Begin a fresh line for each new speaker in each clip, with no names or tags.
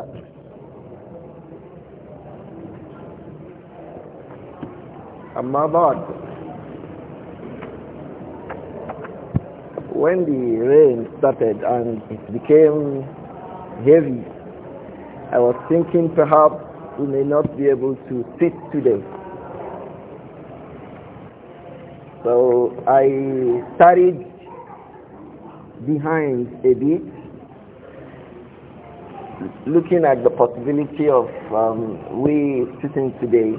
الله أما بعد when the rain started and it became heavy I was thinking perhaps we may not be able to sit today so I studied behind a bit looking at the possibility of um, we sitting today,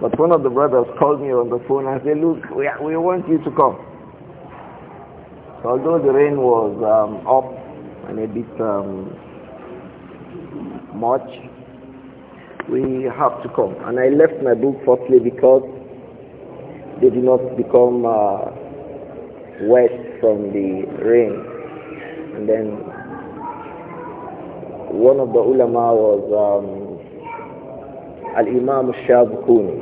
but one of the brothers called me on the phone and said, look, we, we want you to come. So although the rain was um, up and a bit um, much, we have to come. And I left my book firstly because they did not become uh, wet from the rain. And then one of the ulama was um, Al-Imam al-Shabukuni,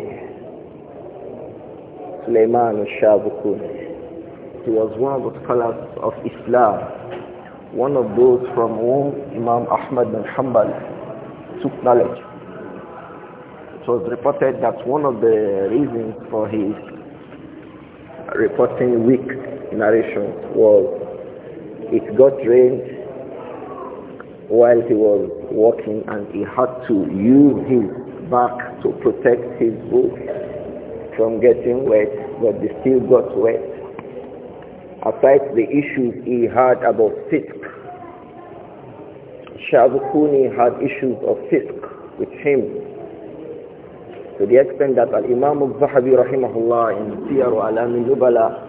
Sulaiman al-Shabukuni. He was one of the scholars of Islam, one of those from whom Imam Ahmad bin Hanbal took knowledge. It was reported that one of the reasons for his reporting weak narration was it got rained while he was walking and he had to use his back to protect his boot from getting wet, but he still got wet. Aside the issues he had about fisk, Shahbukuni had issues of fisk with him. To the extent that Al-Imam al-Zahabi rahimahullah in Siyar al-Amin Nubala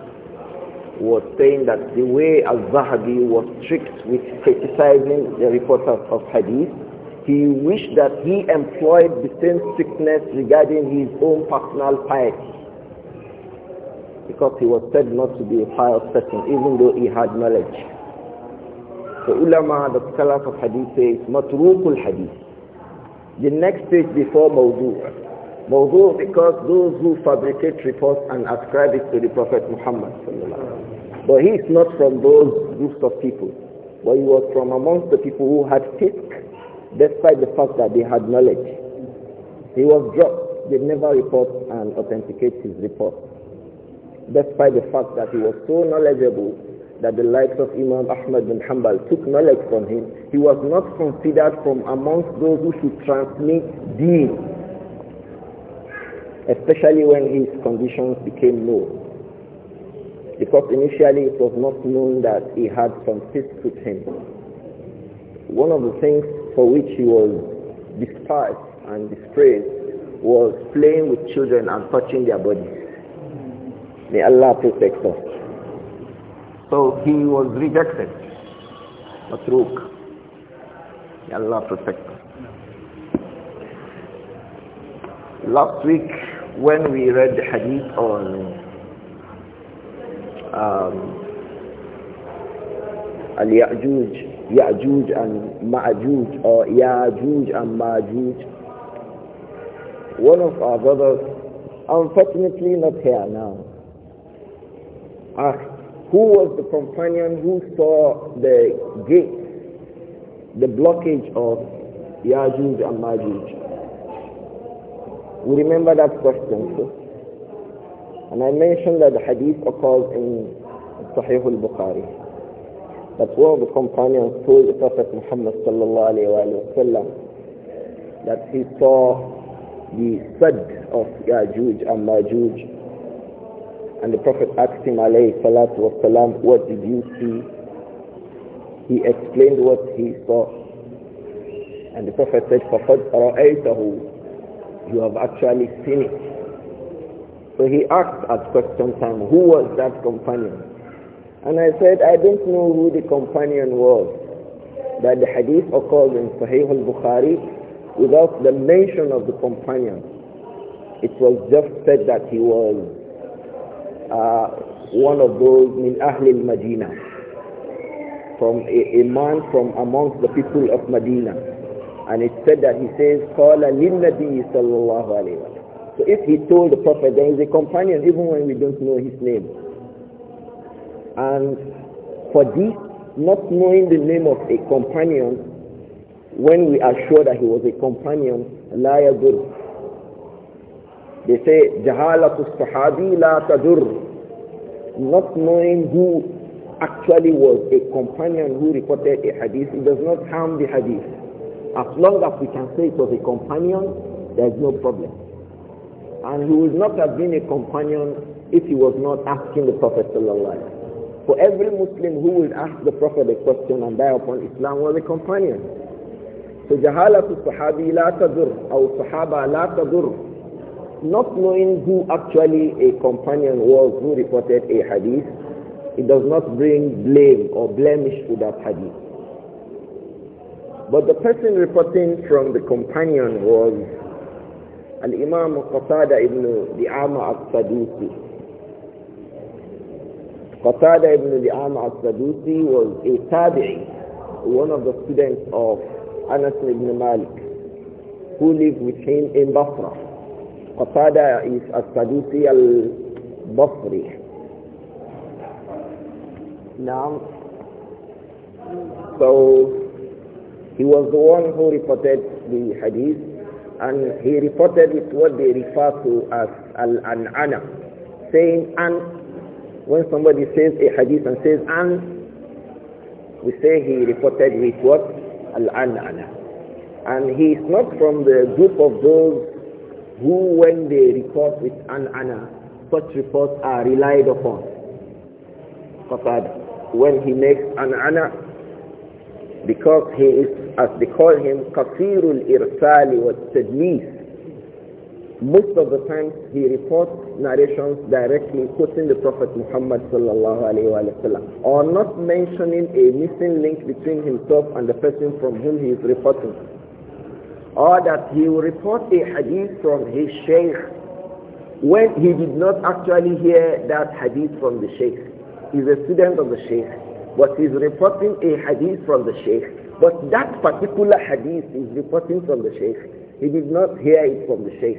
was saying that the way Al-Zahabi was strict with criticizing the reporters of hadith, he wished that he employed the same strictness regarding his own personal piety. Because he was said not to be a pious person, even though he had knowledge. So ulama, the scholars of hadith say, matruqul hadith. The next page before mawdu' Mawdu because those who fabricate reports and ascribe it to the Prophet Muhammad but he is not from those groups of people. But he was from amongst the people who had faith, despite the fact that they had knowledge. He was dropped. They never report and authenticate his report. Despite the fact that he was so knowledgeable that the likes of Imam Ahmad bin Hanbal took knowledge from him, he was not considered from amongst those who should transmit deen, especially when his conditions became known. Because initially it was not known that he had some fits with him. One of the things for which he was despised and disgraced was playing with children and touching their bodies. May Allah protect us. So he was rejected. Matruk. May Allah protect us. Last week when we read the hadith on um, Al-Ya'juj, Ya'juj and Ma'juj or Ya'juj and Ma'juj. One of our brothers, unfortunately not here now, asked, who was the companion who saw the gate, the blockage of Ya'juj and Ma'juj? We remember that question. So? And I mentioned that the hadith occurs in Sahih al-Bukhari. That one of the companions told the Prophet Muhammad sallallahu that he saw the sad of Yajuj and Majuj. And the Prophet asked him alayhi salatu what did you see? He explained what he saw. And the Prophet said, فَقَدْ رَأَيْتَهُ You have actually seen it. So he asked at question time, who was that companion? And I said, I don't know who the companion was. That the hadith occurs in Sahih al-Bukhari without the mention of the companion. It was just said that he was uh, one of those min Ahl al-Madinah, from a, a, man from amongst the people of Medina. And it said that he says, قال للنبي صلى الله عليه وسلم so if he told the Prophet, there is he's a companion even when we don't know his name. And for this, not knowing the name of a companion, when we are sure that he was a companion, liar good, They say, jahalatu sahabi la tadur. Not knowing who actually was a companion who reported a hadith, it does not harm the hadith. As long as we can say it was a companion, there is no problem. And he would not have been a companion if he was not asking the Prophet For every Muslim who would ask the Prophet a question and die upon Islam was a companion. So jahalatu sahabi la tadur, or sahaba la tadur. Not knowing who actually a companion was who reported a hadith, it does not bring blame or blemish to that hadith. But the person reporting from the companion was الإمام قتادة ابن دعامة السدوسي Qatada ibn Li'am al-Sadusi was a tabi'i, one of the students of Anas ibn Malik, who lived with him in Basra. Qatada is al-Sadusi al-Basri. Now, so he was the one who reported the hadith and he reported it what they refer to as al ana saying an, when somebody says a hadith and says an, we say he reported with what? al ana And he is not from the group of those who when they report with ana such reports are relied upon. Qasad, when he makes an'ana, because he is, as they call him, kafirul irsali wa tadlis. Most of the times he reports narrations directly quoting the Prophet Muhammad sallallahu or not mentioning a missing link between himself and the person from whom he is reporting. Or that he will report a hadith from his sheikh when he did not actually hear that hadith from the sheikh. He's a student of the sheikh but he's reporting a hadith from the sheikh. But that particular hadith is reporting from the sheikh. He did not hear it from the sheikh.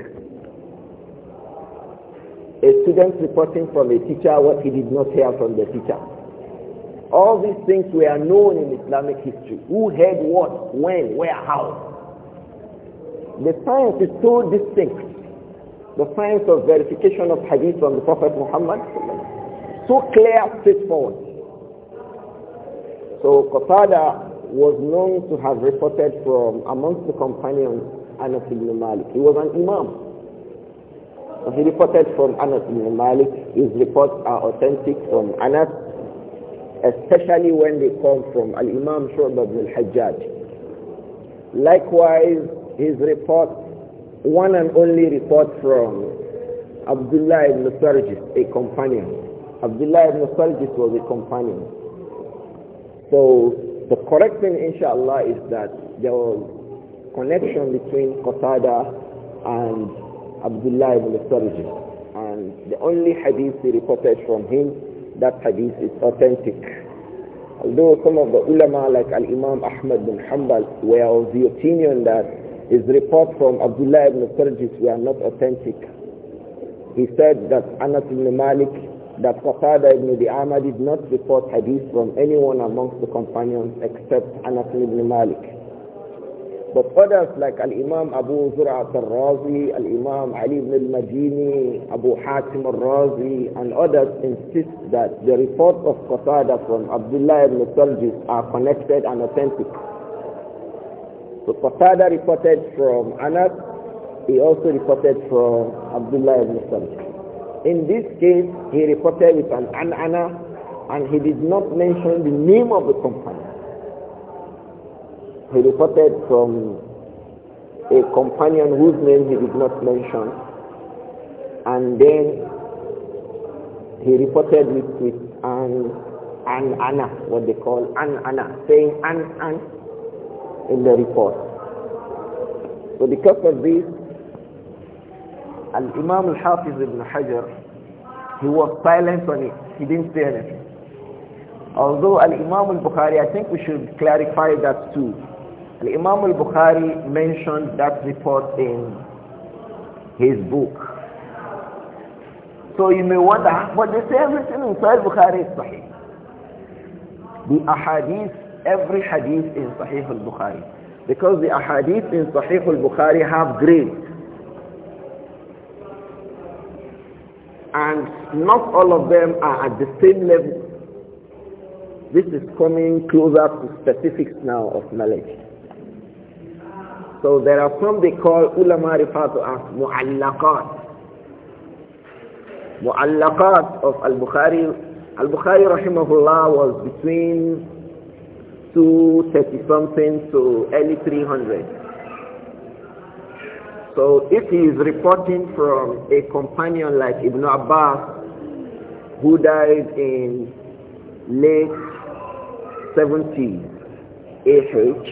A student reporting from a teacher what he did not hear from the teacher. All these things were known in Islamic history. Who heard what, when, where,
how.
The science is so distinct. The science of verification of hadith from the Prophet Muhammad, so clear, straightforward. So Qatada was known to have reported from amongst the companions Anas ibn Malik. He was an imam. So he reported from Anas ibn Malik. His reports are authentic from Anas, especially when they come from Al-Imam Shu'bah ibn al-Hajjaj. Likewise, his report, one and only report from Abdullah ibn Sarjis, a companion. Abdullah ibn Sarjis was a companion. So the correct thing, inshallah, is that there was connection between Qatada and Abdullah ibn Sarji. And the only hadith he reported from him, that hadith is authentic. Although some of the ulama like Al-Imam Ahmad bin Hanbal were of the opinion that his report from Abdullah ibn Sarjis were not authentic. He said that Anas ibn Malik that Qatada ibn Di'ama did not report hadith from anyone amongst the companions except Anas ibn Malik. But others like Al-Imam Abu Zur'at al-Razi, Al-Imam Ali ibn al-Majini, Abu Hatim al-Razi, and others insist that the reports of Qatada from Abdullah ibn Saljis are connected and authentic. So Qatada reported from Anas, he also reported from Abdullah ibn Saljis. In this case, he reported with an an'ana and he did not mention the name of the company. He reported from a companion whose name he did not mention and then he reported with, with an, an ana, what they call an ana, saying an an in the report. So because of this, Al-Imam Al-Hafiz ibn Hajar, he was silent on it. He didn't say anything. Although Al-Imam Al-Bukhari, I think we should clarify that too. Al-Imam Al-Bukhari mentioned that report in his book. So you may wonder, but they say everything in Sahih Bukhari is Sahih. The ahadith, every hadith in Sahih al-Bukhari. Because the ahadith in Sahih al-Bukhari have grades. and not all of them are at the same level. This is coming closer to specifics now of knowledge. So there are some they call ulama refer to as mu'allaqat. Mu'allaqat of Al-Bukhari. Al-Bukhari rahimahullah was between 230 something to early 300. So if he is reporting from a companion like Ibn Abbas, who died in late 70s AH,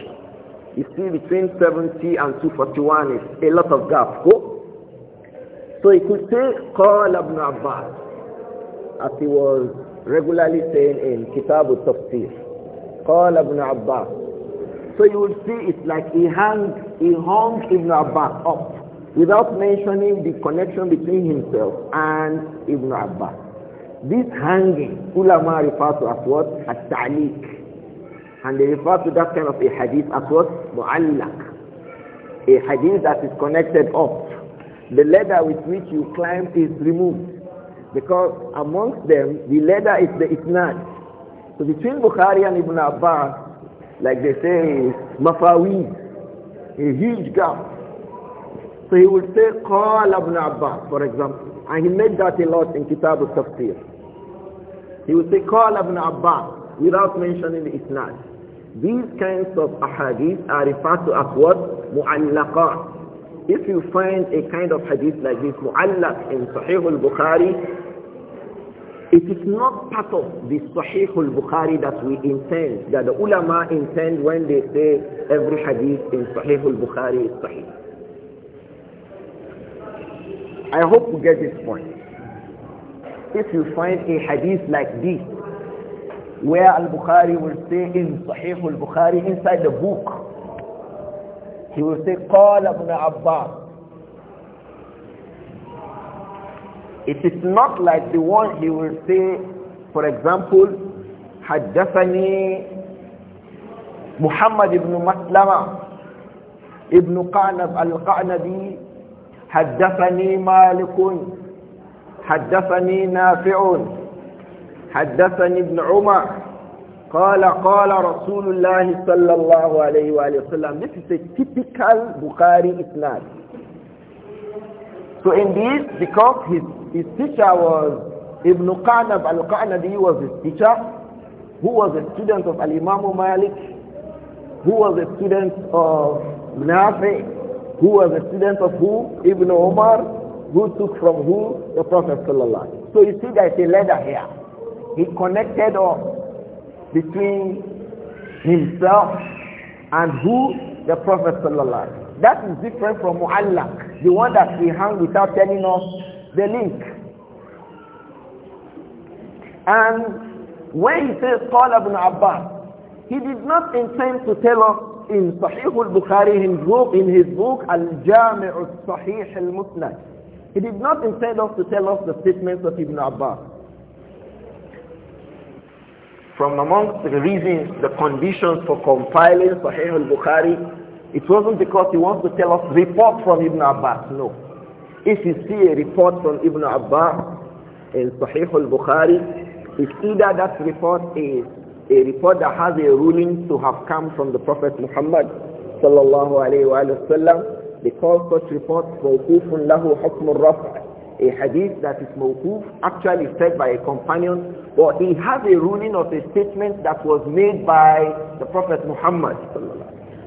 you see between 70 and 241 is a lot of gap. So he could say, call Ibn Abbas, as he was regularly saying in Kitab al-Tafsir. Call Ibn Abbas. So you will see it's like he hung, he hung Ibn Abbas up without mentioning the connection between himself and Ibn Abbas. This hanging, ulama refer to as what? At-ta'liq. And they refer to that kind of a hadith as what? Mu'allaq. A hadith that is connected up. The ladder with which you climb is removed. Because amongst them, the ladder is the isnad. So between Bukhari and Ibn Abbas, like they say, is mafawid. A huge gap. So he would say, Qal ibn Abbas, for example. And he made that a lot in Kitab al-Tafsir. He would say, Qal ibn Abbas, without mentioning the Isnad. These kinds of ahadith are referred to as what? Mu'allaqat. If you find a kind of hadith like this, mu'allaq in Sahih al-Bukhari, it is not part of the Sahih al-Bukhari that we intend, that the ulama intend when they say every hadith in Sahih al-Bukhari is Sahih. I hope you get this point. If you find a hadith like this, where al-Bukhari will say in Sahih al-Bukhari, inside the book, he will say, قال ابن Abbas." It is not like the one he will say, for example, حدثني محمد بن مسلمة ابن قعنب القعنبي حدثني مالك حدثني نافع حدثني ابن عمر قال قال رسول الله صلى الله عليه وآله وسلم this is a typical Bukhari isnad so in this because his, his teacher was Ibn Qanab al-Qanabi was his teacher who was a student of Al-Imam Malik who was a student of Nafi who was a student of who? Ibn Umar, who took from who? The Prophet Sallallahu So you see there is a ladder here. He connected us between himself and who? The Prophet Sallallahu That is different from Mu'allak, the one that we hang without telling us the link. And when he says, Paul ibn Abbas, he did not intend to tell us in Sahih al-Bukhari in, in his book Al-Jami' al-Sahih al-Musnad. He did not intend us to tell us the statements of Ibn Abbas. From amongst the reasons, the conditions for compiling Sahih al-Bukhari, it wasn't because he wants to tell us report from Ibn Abbas, no. If you see a report from Ibn Abbas in Sahih al-Bukhari, it's either that report is a report that has a ruling to have come from the Prophet Muhammad sallallahu alayhi wa sallam. They call such reports mawkufun lahu hukm A hadith that is mawkuf, actually said by a companion, or he has a ruling of a statement that was made by the Prophet Muhammad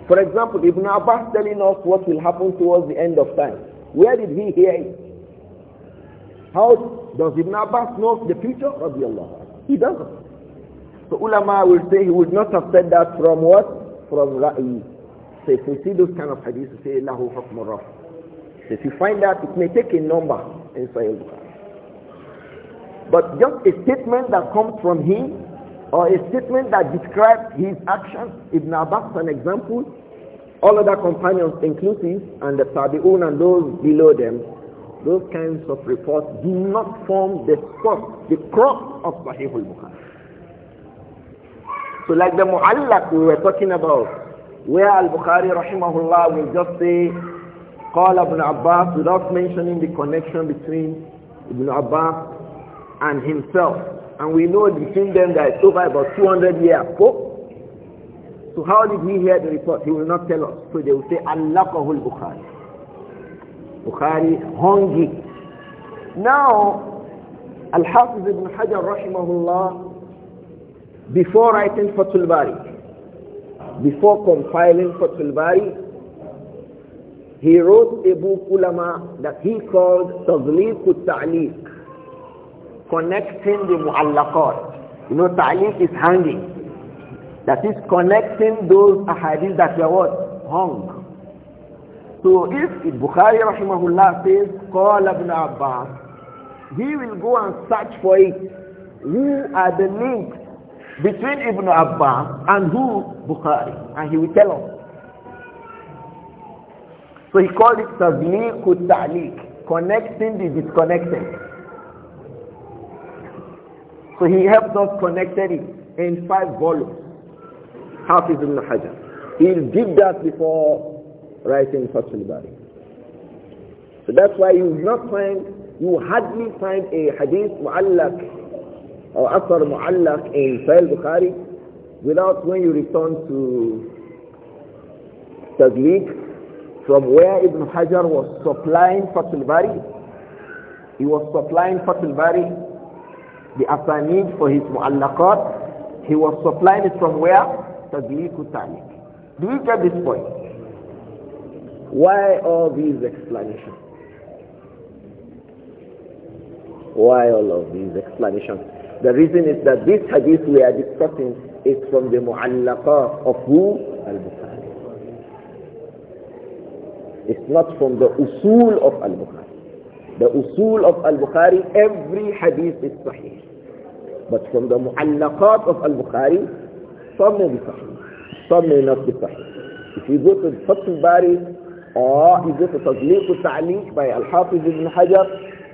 For example, Ibn Abbas telling us what will happen towards the end of time. Where did he hear it? How does Ibn Abbas know the future? He doesn't. So ulama will say he would not have said that from what? From ra'i. So if we see those kind of hadith, say lahu hukmu So if you find that, it may take a number in Sahih But just a statement that comes from him, or a statement that describes his actions, Ibn Abbas an example, all other companions inclusive, and the Tabi'un and those below them, those kinds of reports do not form the crop, the crop of Sahih al-Bukhari. So like the mu'allaq we were talking about, where Al-Bukhari rahimahullah will just say, call Ibn Abbas without mentioning the connection between Ibn Abbas and himself. And we know between them that it's over about 200 years. Oh. So how did he hear the report? He will not tell us. So they will say, Allaqahu al-Bukhari. Bukhari hung it. Now, Al-Hafiz ibn Hajar rahimahullah before writing Fathul Bari, before compiling Fathul Bari, he wrote a book, Ulama, that he called Tazliq Ta'liq, connecting the Mu'allaqat. You know, Ta'liq is hanging. That is connecting those ahadith that were what? Hung. So if Bukhari rahimahullah says, call Ibn Abbas, he will go and search for it. Who are the links between Ibn Abbas and who? Bukhari. And he will tell us. So he called it Tabliqut Ta'liq, connecting the disconnected. So he helped us connected it in five volumes. Half is in the He did that before writing Fatul Bari. So that's why you not find, you hardly find a hadith mu'allak or Asr Mu'allaq in Sahih Bukhari without when you return to Tazliq from where Ibn Hajar was supplying Fatul Bari he was supplying Fatul Bari the Asanid for his Mu'allaqat he was supplying it from where? Tazliq Talik do you get this point? why all these explanations why all of these explanations the reason is that this hadith we are discussing is from the mu'allaqa of who? Al-Bukhari. It's not from the usul of Al-Bukhari. The usul of Al-Bukhari, every hadith is sahih. But from the mu'allaqat of Al-Bukhari, some may be sahih, some may not be sahih. If you go to Fath al-Bari or you go to Tazliq al-Ta'liq by Al-Hafiz ibn Hajar,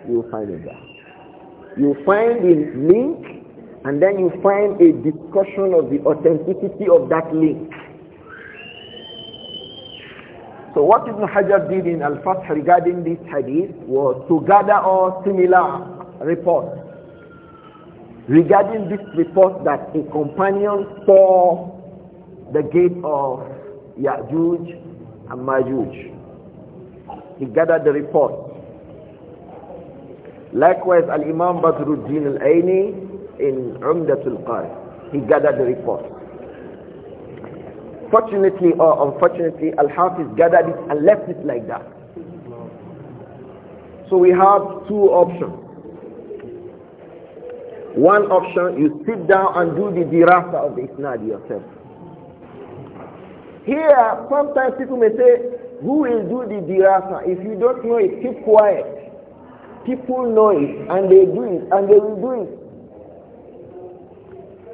you will find it there you find a link and then you find a discussion of the authenticity of that link. So what Ibn Hajar did in Al-Fath regarding this hadith was to gather all similar reports regarding this report that a companion saw the gate of Ya'juj and Majuj. He gathered the report Likewise, Al-Imam Badruddin Al-Aini in Umdatul Qari, he gathered the report. Fortunately or unfortunately, Al-Hafiz gathered it and left it like that. So we have two options. One option, you sit down and do the dirasa of the isnad yourself. Here, sometimes people may say, who will do the dirasa? If you don't know it, keep quiet. People know it and they do it and they will do it.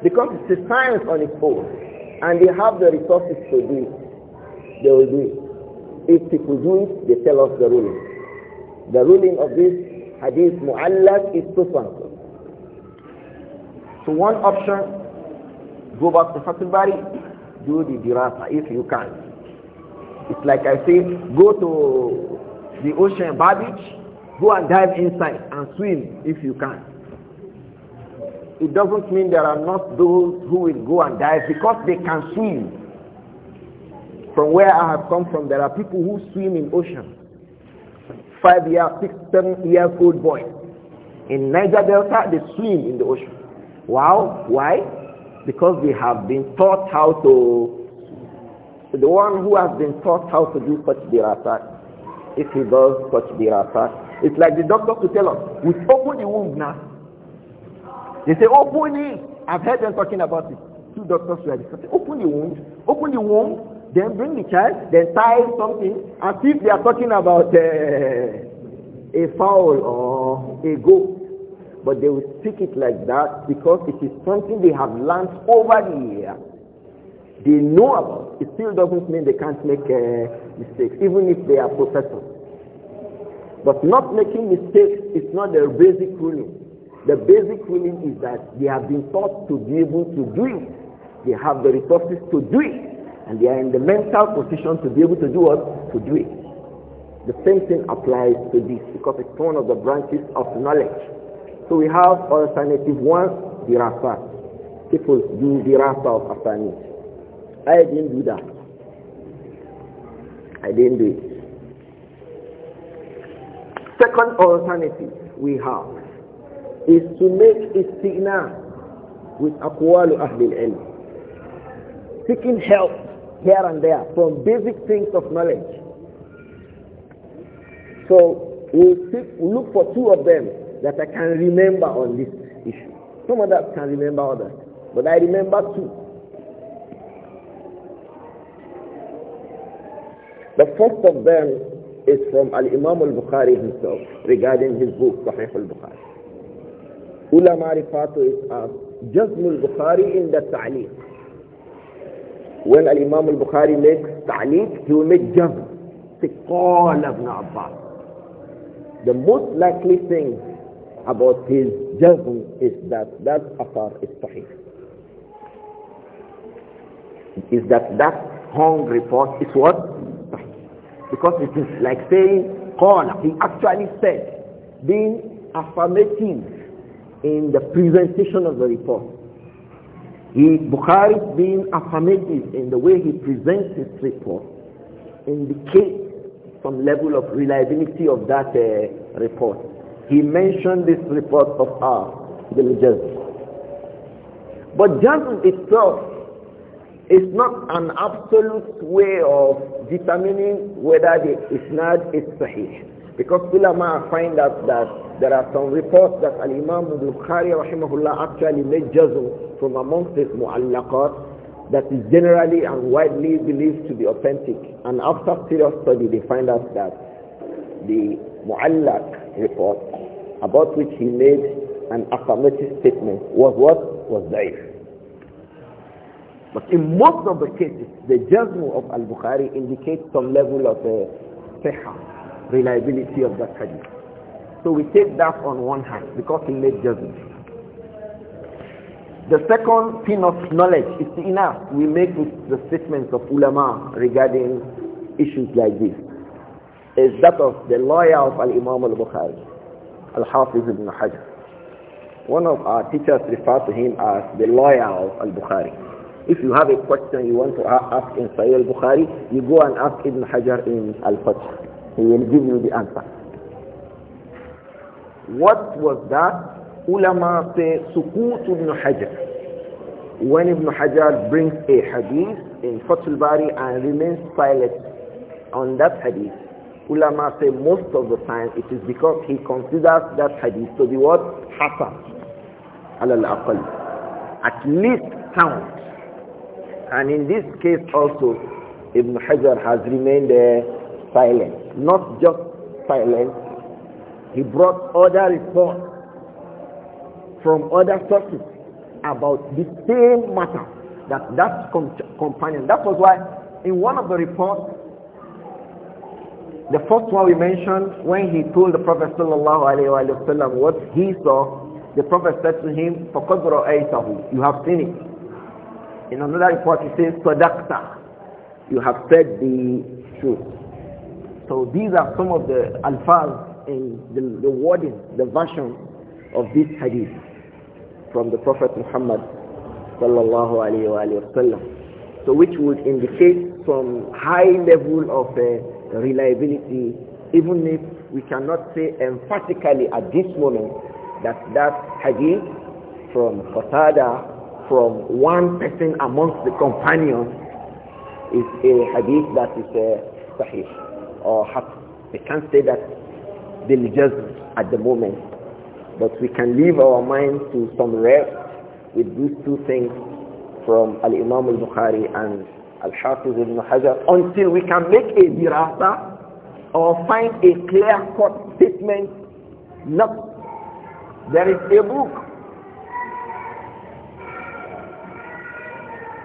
Because it's a science on its own and they have the resources to do it. They will do it. If people do it, they tell us the ruling. The ruling of this hadith mu'allaq is so and so. one option, go back to Fatul Bari, do the dirasa if you can. It's like I say, go to the ocean, bar beach, Go and dive inside and swim if you can. It doesn't mean there are not those who will go and dive because they can swim. From where I have come from, there are people who swim in ocean. Five-year, six, seven-year-old boys. In Niger Delta, they swim in the ocean. Wow. Why? Because they have been taught how to the one who has been taught how to do such attack, if he does such attack, it's like the doctor to tell us, we open the womb now. They say, open it. I've heard them talking about it. Two doctors were discussing. Open the womb. Open the womb. Then bring the child. Then tie something. As if they are talking about uh, a fowl or a goat. But they will speak it like that because it is something they have learned over the years. They know about. It still doesn't mean they can't make uh, mistakes, even if they are professors. But not making mistakes is not the basic ruling. The basic ruling is that they have been taught to be able to do it. They have the resources to do it. And they are in the mental position to be able to do what? To do it. The same thing applies to this because it's one of the branches of knowledge. So we have alternative ones, dirasa. People do dirasa of asanid. I didn't do that. I didn't do it. Second alternative we have is to make istighna with aqwalu ahli al-ilm. Seeking help here and there from basic things of knowledge. So we'll, we'll look for two of them that I can remember on this issue. Some others can remember others, but I remember two. The first of them is from Al-Imam al-Bukhari himself regarding his book Sahih al-Bukhari. Ulama refer to it as Jazm al-Bukhari in the Ta'liq. When Al-Imam al-Bukhari makes Ta'liq, he will make Jazm. Siqal ibn Abbas. The most likely thing about his Jazm is that that Athar is Sahih. Is that that hung report is what? Because it is like saying, Qala. He actually said, being affirmative in the presentation of the report. He, Bukhari being affirmative in the way he presents his report indicates some level of reliability of that uh, report. He mentioned this report of our uh, the But just itself it's not an absolute way of determining whether the isnad is sahih. Because ulama find out that there are some reports that Al-Imam Bukhari rahimahullah actually made jazm from amongst his mu'allaqat that is generally and widely believed to be authentic. And after serious study they find out that the mu'allaq report about which he made an affirmative statement was what? Was daif. But in most of the cases, the judgment of Al-Bukhari indicates some level of uh, sahih, reliability of that hadith. So we take that on one hand because he made judgment. The second thing of knowledge is enough. We make the statements of ulama regarding issues like this. Is that of the lawyer of Al-Imam Al-Bukhari, Al-Hafiz ibn Hajar. One of our teachers referred to him as the lawyer of Al-Bukhari. If you have a question you want to ask in Sahih al-Bukhari, you go and ask Ibn Hajar in Al-Fatih. He will give you the answer. What was that? Ulama say Sukut ibn Hajar. When Ibn Hajar brings a hadith in Fath al-Bari and remains silent on that hadith, ulama say most of the time it is because he considers that hadith to be what? Hasan. Al-Aqal. At least count. And in this case also, Ibn Hajar has remained uh, silent. Not just silent, he brought other reports from other sources about the same matter that that com companion. That was why in one of the reports, the first one we mentioned, when he told the Prophet wasallam what he saw, the Prophet said to him, You have seen it. In another report it says, Sadaqta. You have said the truth. So these are some of the alfaz in the, the wording, the version of this hadith from the Prophet Muhammad sallallahu alayhi wa sallam. So which would indicate some high level of uh, reliability even if we cannot say emphatically at this moment that that hadith from Qatada from one person amongst the companions is a hadith that is a uh, sahih or hasan. We can't say that diligence at the moment, but we can leave our minds to some rest with these two things from Al-Imam al-Bukhari and Al-Hafiz ibn Hajar until we can make a dirasa or find a clear-cut statement. Not there is a book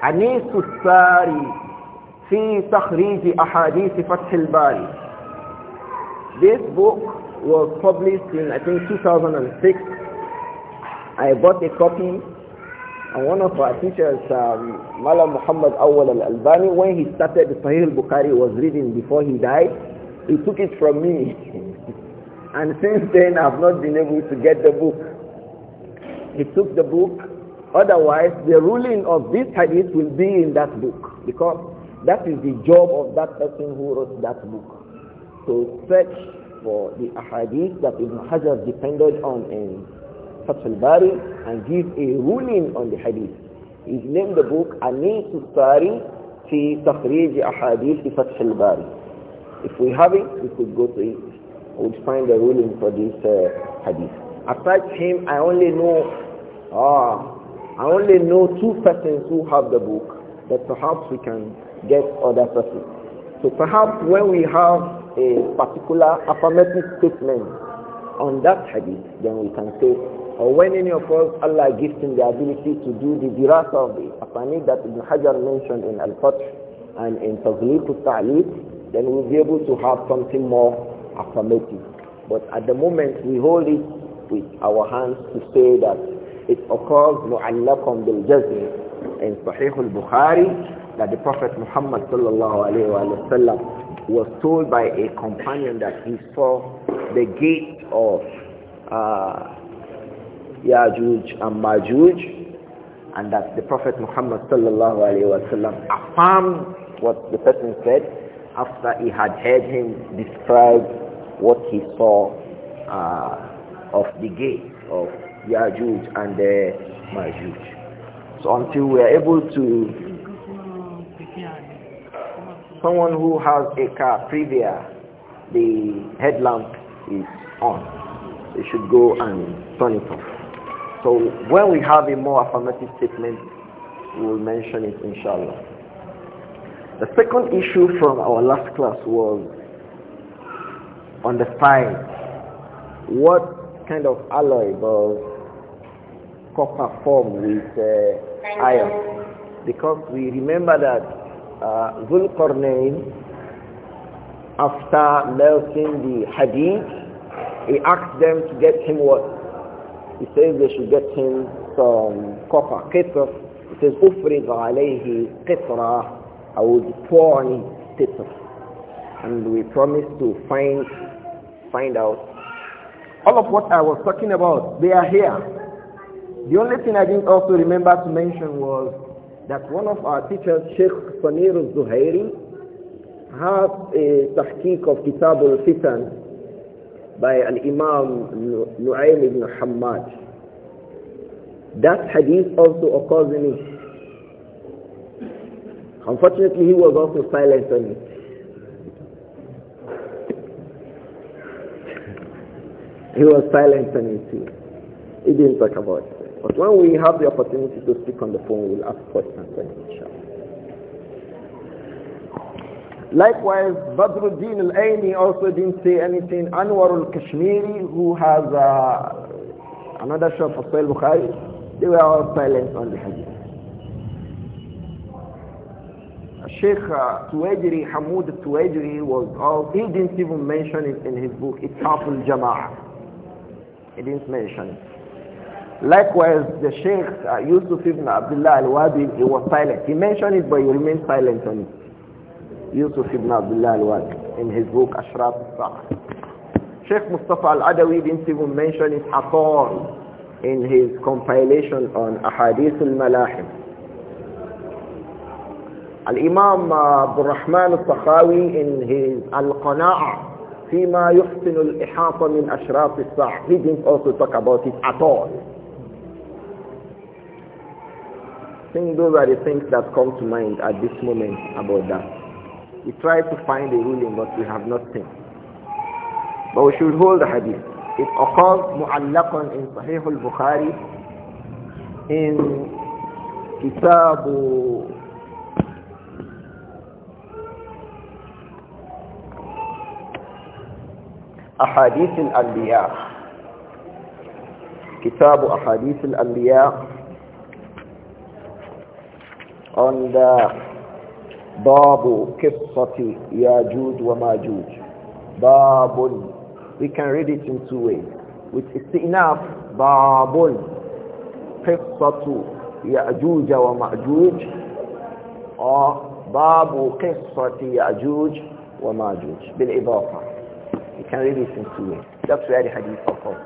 أنيس الساري في تخريج أحاديث فتح الباري This book was published in I think 2006 I bought a copy and one of our teachers, um, Malam Muhammad Awal al-Albani, when he started the Sahih al-Bukhari was reading before he died, he took it from me. and since then I've not been able to get the book. He took the book Otherwise, the ruling of this hadith will be in that book because that is the job of that person who wrote that book. To search for the hadith that Ibn Hajar depended on in Fath al-Bari and give a ruling on the hadith. He named the book Anis al-Sari fi Takhrij Ahadith fi Fath al-Bari. If we have it, we could go to it. We would find a ruling for this uh, hadith. Aside him, I only know ah, I only know two persons who have the book, but perhaps we can get other persons. So perhaps when we have a particular affirmative statement on that hadith, then we can say, or when any of us, Allah gives him the ability to do the dirasa of the hadith that Ibn Hajar mentioned in Al-Fath and in Tazliq al-Ta'liq, then we'll be able to have something more affirmative. But at the moment, we hold it with our hands to say that it occurs mu'allakum bil jazm in Sahih al-Bukhari that the Prophet Muhammad sallallahu alaihi wa sallam was told by a companion that he saw the gate of uh, Yajuj and Majuj and that the Prophet Muhammad sallallahu alayhi wa sallam affirmed what the person said after he had heard him describe what he saw uh, of the gate of Yajuj and the Majuj. So until we are able to someone who has a car previa the headlamp is on they should go and turn it off so when we have a more affirmative statement we will mention it inshallah the second issue from our last class was on the fine what kind of alloy was copper form with uh, iron. Because we remember that uh, after melting the hadith, he asked them to get him what? He says they should get him some copper, qitr. He says, أُفْرِضَ عَلَيْهِ قِطْرًا I would pour on it qitr. And we promised to find, find out all of what I was talking about, they are here. The only thing I didn't also remember to mention was that one of our teachers, Sheikh Samir al-Zuhairi, has a tahqiq of Kitab al-Fitan by an imam Nu'aym ibn Hammad. That hadith also occurs in it. Unfortunately, he was also silent on it. He was silent on it too. He didn't talk about it. But when we have the opportunity to speak on the phone, we'll ask questions then, inshallah. Likewise, Badruddin al-Aini also didn't say anything. Anwar al-Kashmiri, who has uh, another shop for Sahih Bukhari, they were all silent on the hadith. Sheikh uh, Tuwajiri, Hamoud Tuwajiri was all, he didn't even mention it in his book, Itaful Jama'ah. He didn't mention it. Likewise, the Sheikh uh, Yusuf ibn Abdullah al wadi he was silent. He mentioned it, but he remained silent on it. Yusuf ibn Abdullah al wadi in his book, Ashraf Sa'ah. Sheikh Mustafa al-Adawi didn't even mention it at all in his compilation on Ahadith al-Malahim. Al-Imam uh, Abdul Rahman al-Sakhawi in his Al-Qana'ah, فيما يحسن الإحاطة من أشراط الساعة he didn't also talk about it at all I think those are the things that come to mind at this moment about that. We try to find a ruling, but we have not seen. But we should hold the hadith. It occurs mu'allaqan in Sahih al-Bukhari in Kitab أحاديث الأنبياء كتاب أحاديث الأنبياء on the Babu Kissati Yajud wa majuj Babun. We can read it in two ways. Which is enough? Babun. Kissatu Yajud wa majuj Or Babu Kissati Yajud wa majuj. Bil-Ibafa. we can read it in two ways. That's where the hadith occurs.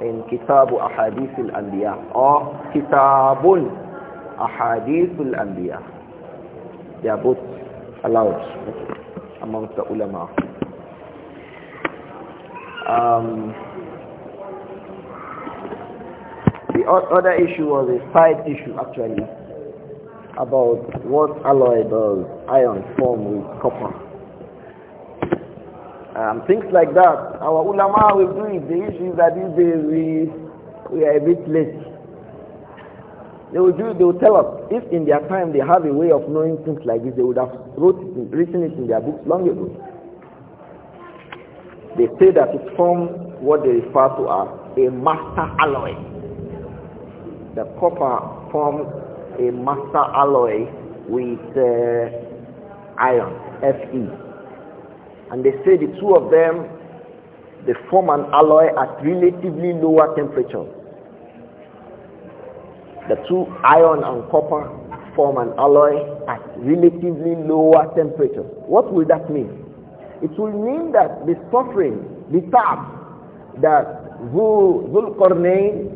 In Kitabu Ahadith al-Anbiya. Or Kitabun. Ahadithul Anbiya. They are both allowed among the ulama. Um, the other issue was a side issue actually about what alloy does iron form with copper. Um, things like that. Our ulama will do it. The issue is that these days we, we are a bit late. They will, do, they will tell us, if in their time they have a way of knowing things like this, they would have wrote it in, written it in their books long ago. They say that it forms what they refer to as a master alloy. The copper forms a master alloy with uh, iron, Fe. And they say the two of them, they form an alloy at relatively lower temperatures. The two iron and copper form an alloy at relatively lower temperatures. What will that mean? It will mean that the suffering, the task that Zulqarnain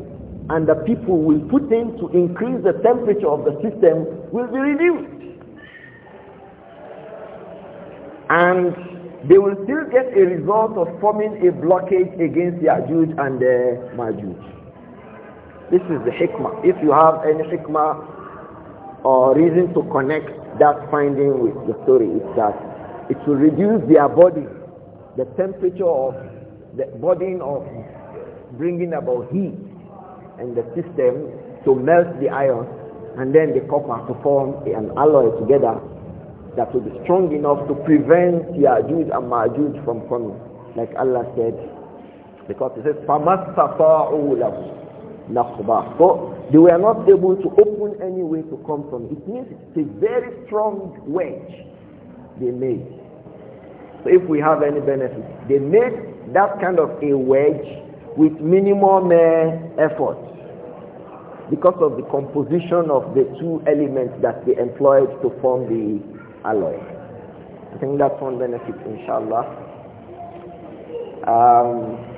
and the people will put in to increase the temperature of the system will be reduced. And they will still get a result of forming a blockade against Ya'juj and the Ma'juj. This is the hikmah. If you have any hikmah or reason to connect that finding with the story, it's that it will reduce their body, the temperature of the body, of bringing about heat and the system to melt the iron and then the copper to form an alloy together that will be strong enough to prevent Ya'juj and Ma'juj from coming. Like Allah said, because it says, فَمَسْتَطَاعُوا لَهُ نَصْبًا So they were not able to open any way to come from it. It means it's a very strong wedge they made. So if we have any benefit, they made that kind of a wedge with minimum uh, effort because of the composition of the two elements that they employed to form the alloy. I think that's one benefit, inshallah. Um,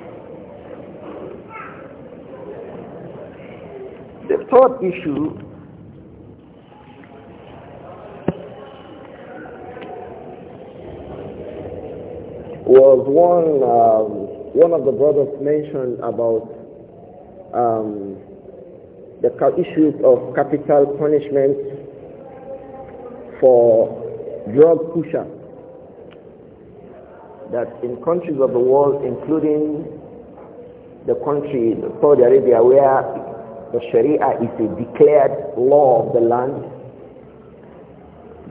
The third issue was one um, one of the brothers mentioned about um, the issues of capital punishment for drug pushers. That in countries of the world, including the country Saudi Arabia, where the Sharia is a declared law of the land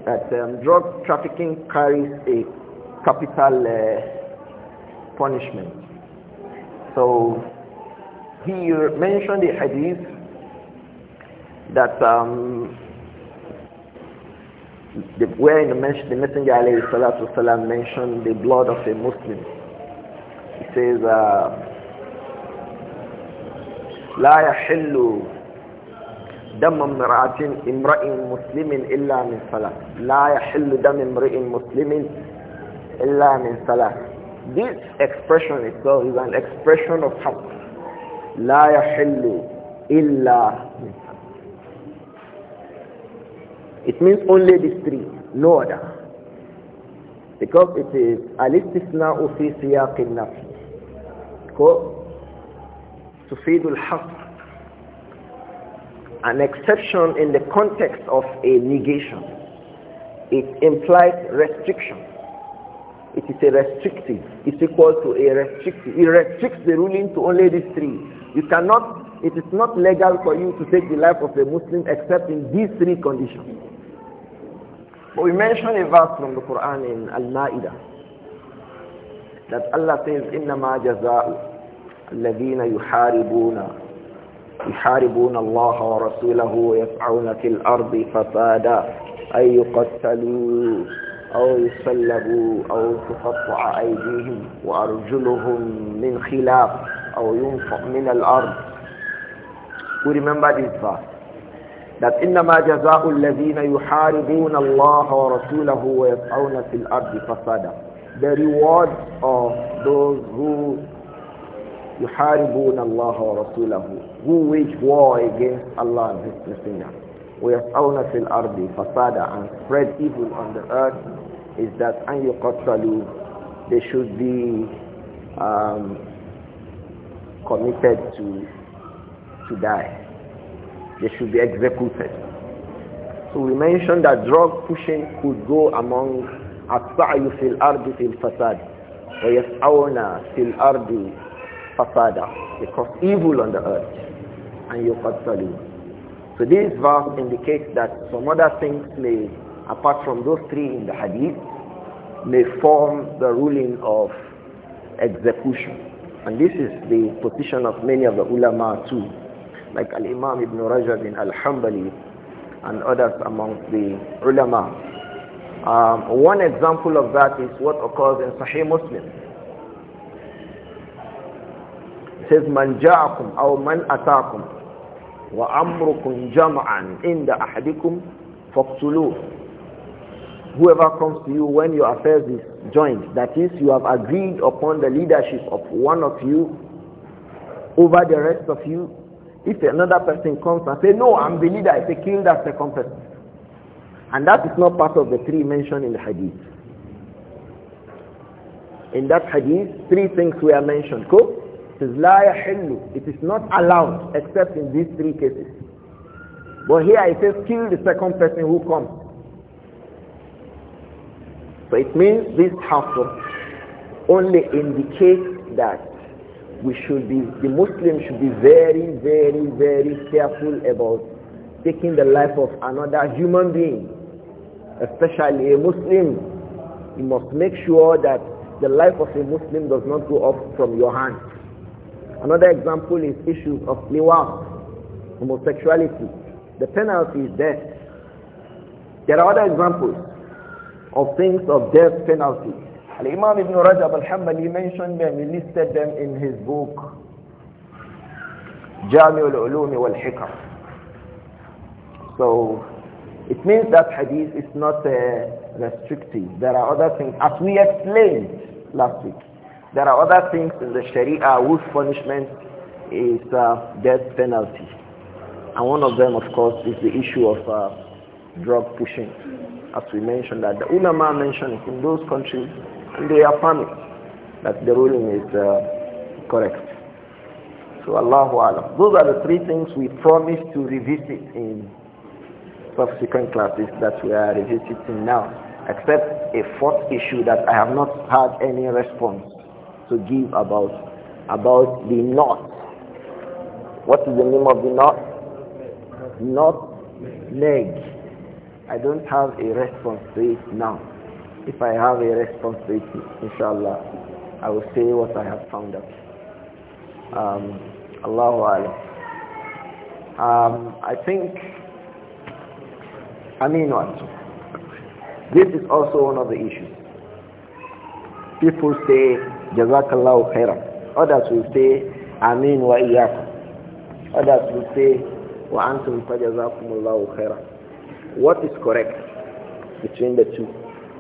that um, drug trafficking carries a capital uh, punishment. So he mentioned the hadith that um, the, where in the, mention, the Messenger alayhi salatu wasalam mentioned the blood of a Muslim. He says, uh, لا يحل دم امرأة امرئ مسلم إلا من ثلاث لا يحل دم امرئ مسلم إلا من ثلاث This expression itself is an expression of حق لا يحل إلا من ثلاث It means only these three, no other. Because it is الاستثناء في سياق النفي. تفيد الحصر an exception in the context of a negation it implies restriction it is a restrictive it's equal to a restrictive it restricts the ruling to only these three you cannot it is not legal for you to take the life of a muslim except in these three conditions but we mentioned a verse from the quran in al-ma'idah that allah says inna ma jaza'u الذين يحاربون يحاربون الله ورسوله ويسعون في الأرض فسادا أن يقتلوا أو يصلبوا أو تقطع أيديهم وأرجلهم من خلاف أو ينفق من الأرض We remember this verse that إنما جزاء الذين يحاربون الله ورسوله ويسعون في الأرض فسادا The reward of those who يحاربون الله ورسوله who wage war against Allah and His Messenger ويسعون في الأرض فسادا and spread evil on the earth is that أن يقتلوا they should be um, committed to to die they should be executed so we mentioned that drug pushing could go among السعي في الأرض في الفساد ويسعون في الأرض fasada. cause evil on the earth. And yuqattalu. So this verse indicates that some other things may, apart from those three in the hadith, may form the ruling of execution. And this is the position of many of the ulama too, like Al-Imam Ibn Rajab bin Al-Hambali and others amongst the ulama. Um, one example of that is what occurs in Sahih Muslim it says man ja'akum aw man atakum wa amrukum jam'an inda ahadikum faqtuluhu whoever comes to you when your affairs is joined, that is, you have agreed upon the leadership of one of you over the rest of you, if another person comes and say, no, I'm the leader, I say, kill that second person. And that is not part of the three mentioned in the hadith. In that hadith, three things were mentioned. Go. Is La yahillu. It is not allowed except in these three cases. But here it says, kill the second person who comes. So it means this hafr only indicates that we should be, the Muslim should be very, very, very careful about taking the life of another human being, especially a Muslim. You must make sure that the life of a Muslim does not go off from your hand. Another example is issue of liwaq, homosexuality. The penalty is death. There are other examples of things of death penalty. Al-Imam Ibn Rajab al-Hambali mentioned them, he listed them in his book Jami' al-Ulum wal-Hikam. So it means that hadith is not uh, restrictive. There are other things, as we explained last week. There are other things in the Sharia whose punishment is uh, death penalty. And one of them, of course, is the issue of uh, drug pushing. As we mentioned that the ulama mentioned in those countries, and they affirm it, that the ruling is uh, correct. So Allahu Alam. Those are the three things we promised to revisit in subsequent classes that we are revisiting now except a fourth issue that I have not had any response to give about about the knot. What is the name of the knot? Knot leg. I don't have a response to it now. If I have a response to it, inshallah, I will say what I have found out. Um, Allahu Alam. Um, I think, I mean what? This is also one of the issues. People say Jazakallahu khairan. Others will say, Amin wa iyakum. Others will say, Wa antum fajazakumullahu khairan. What is correct between the two?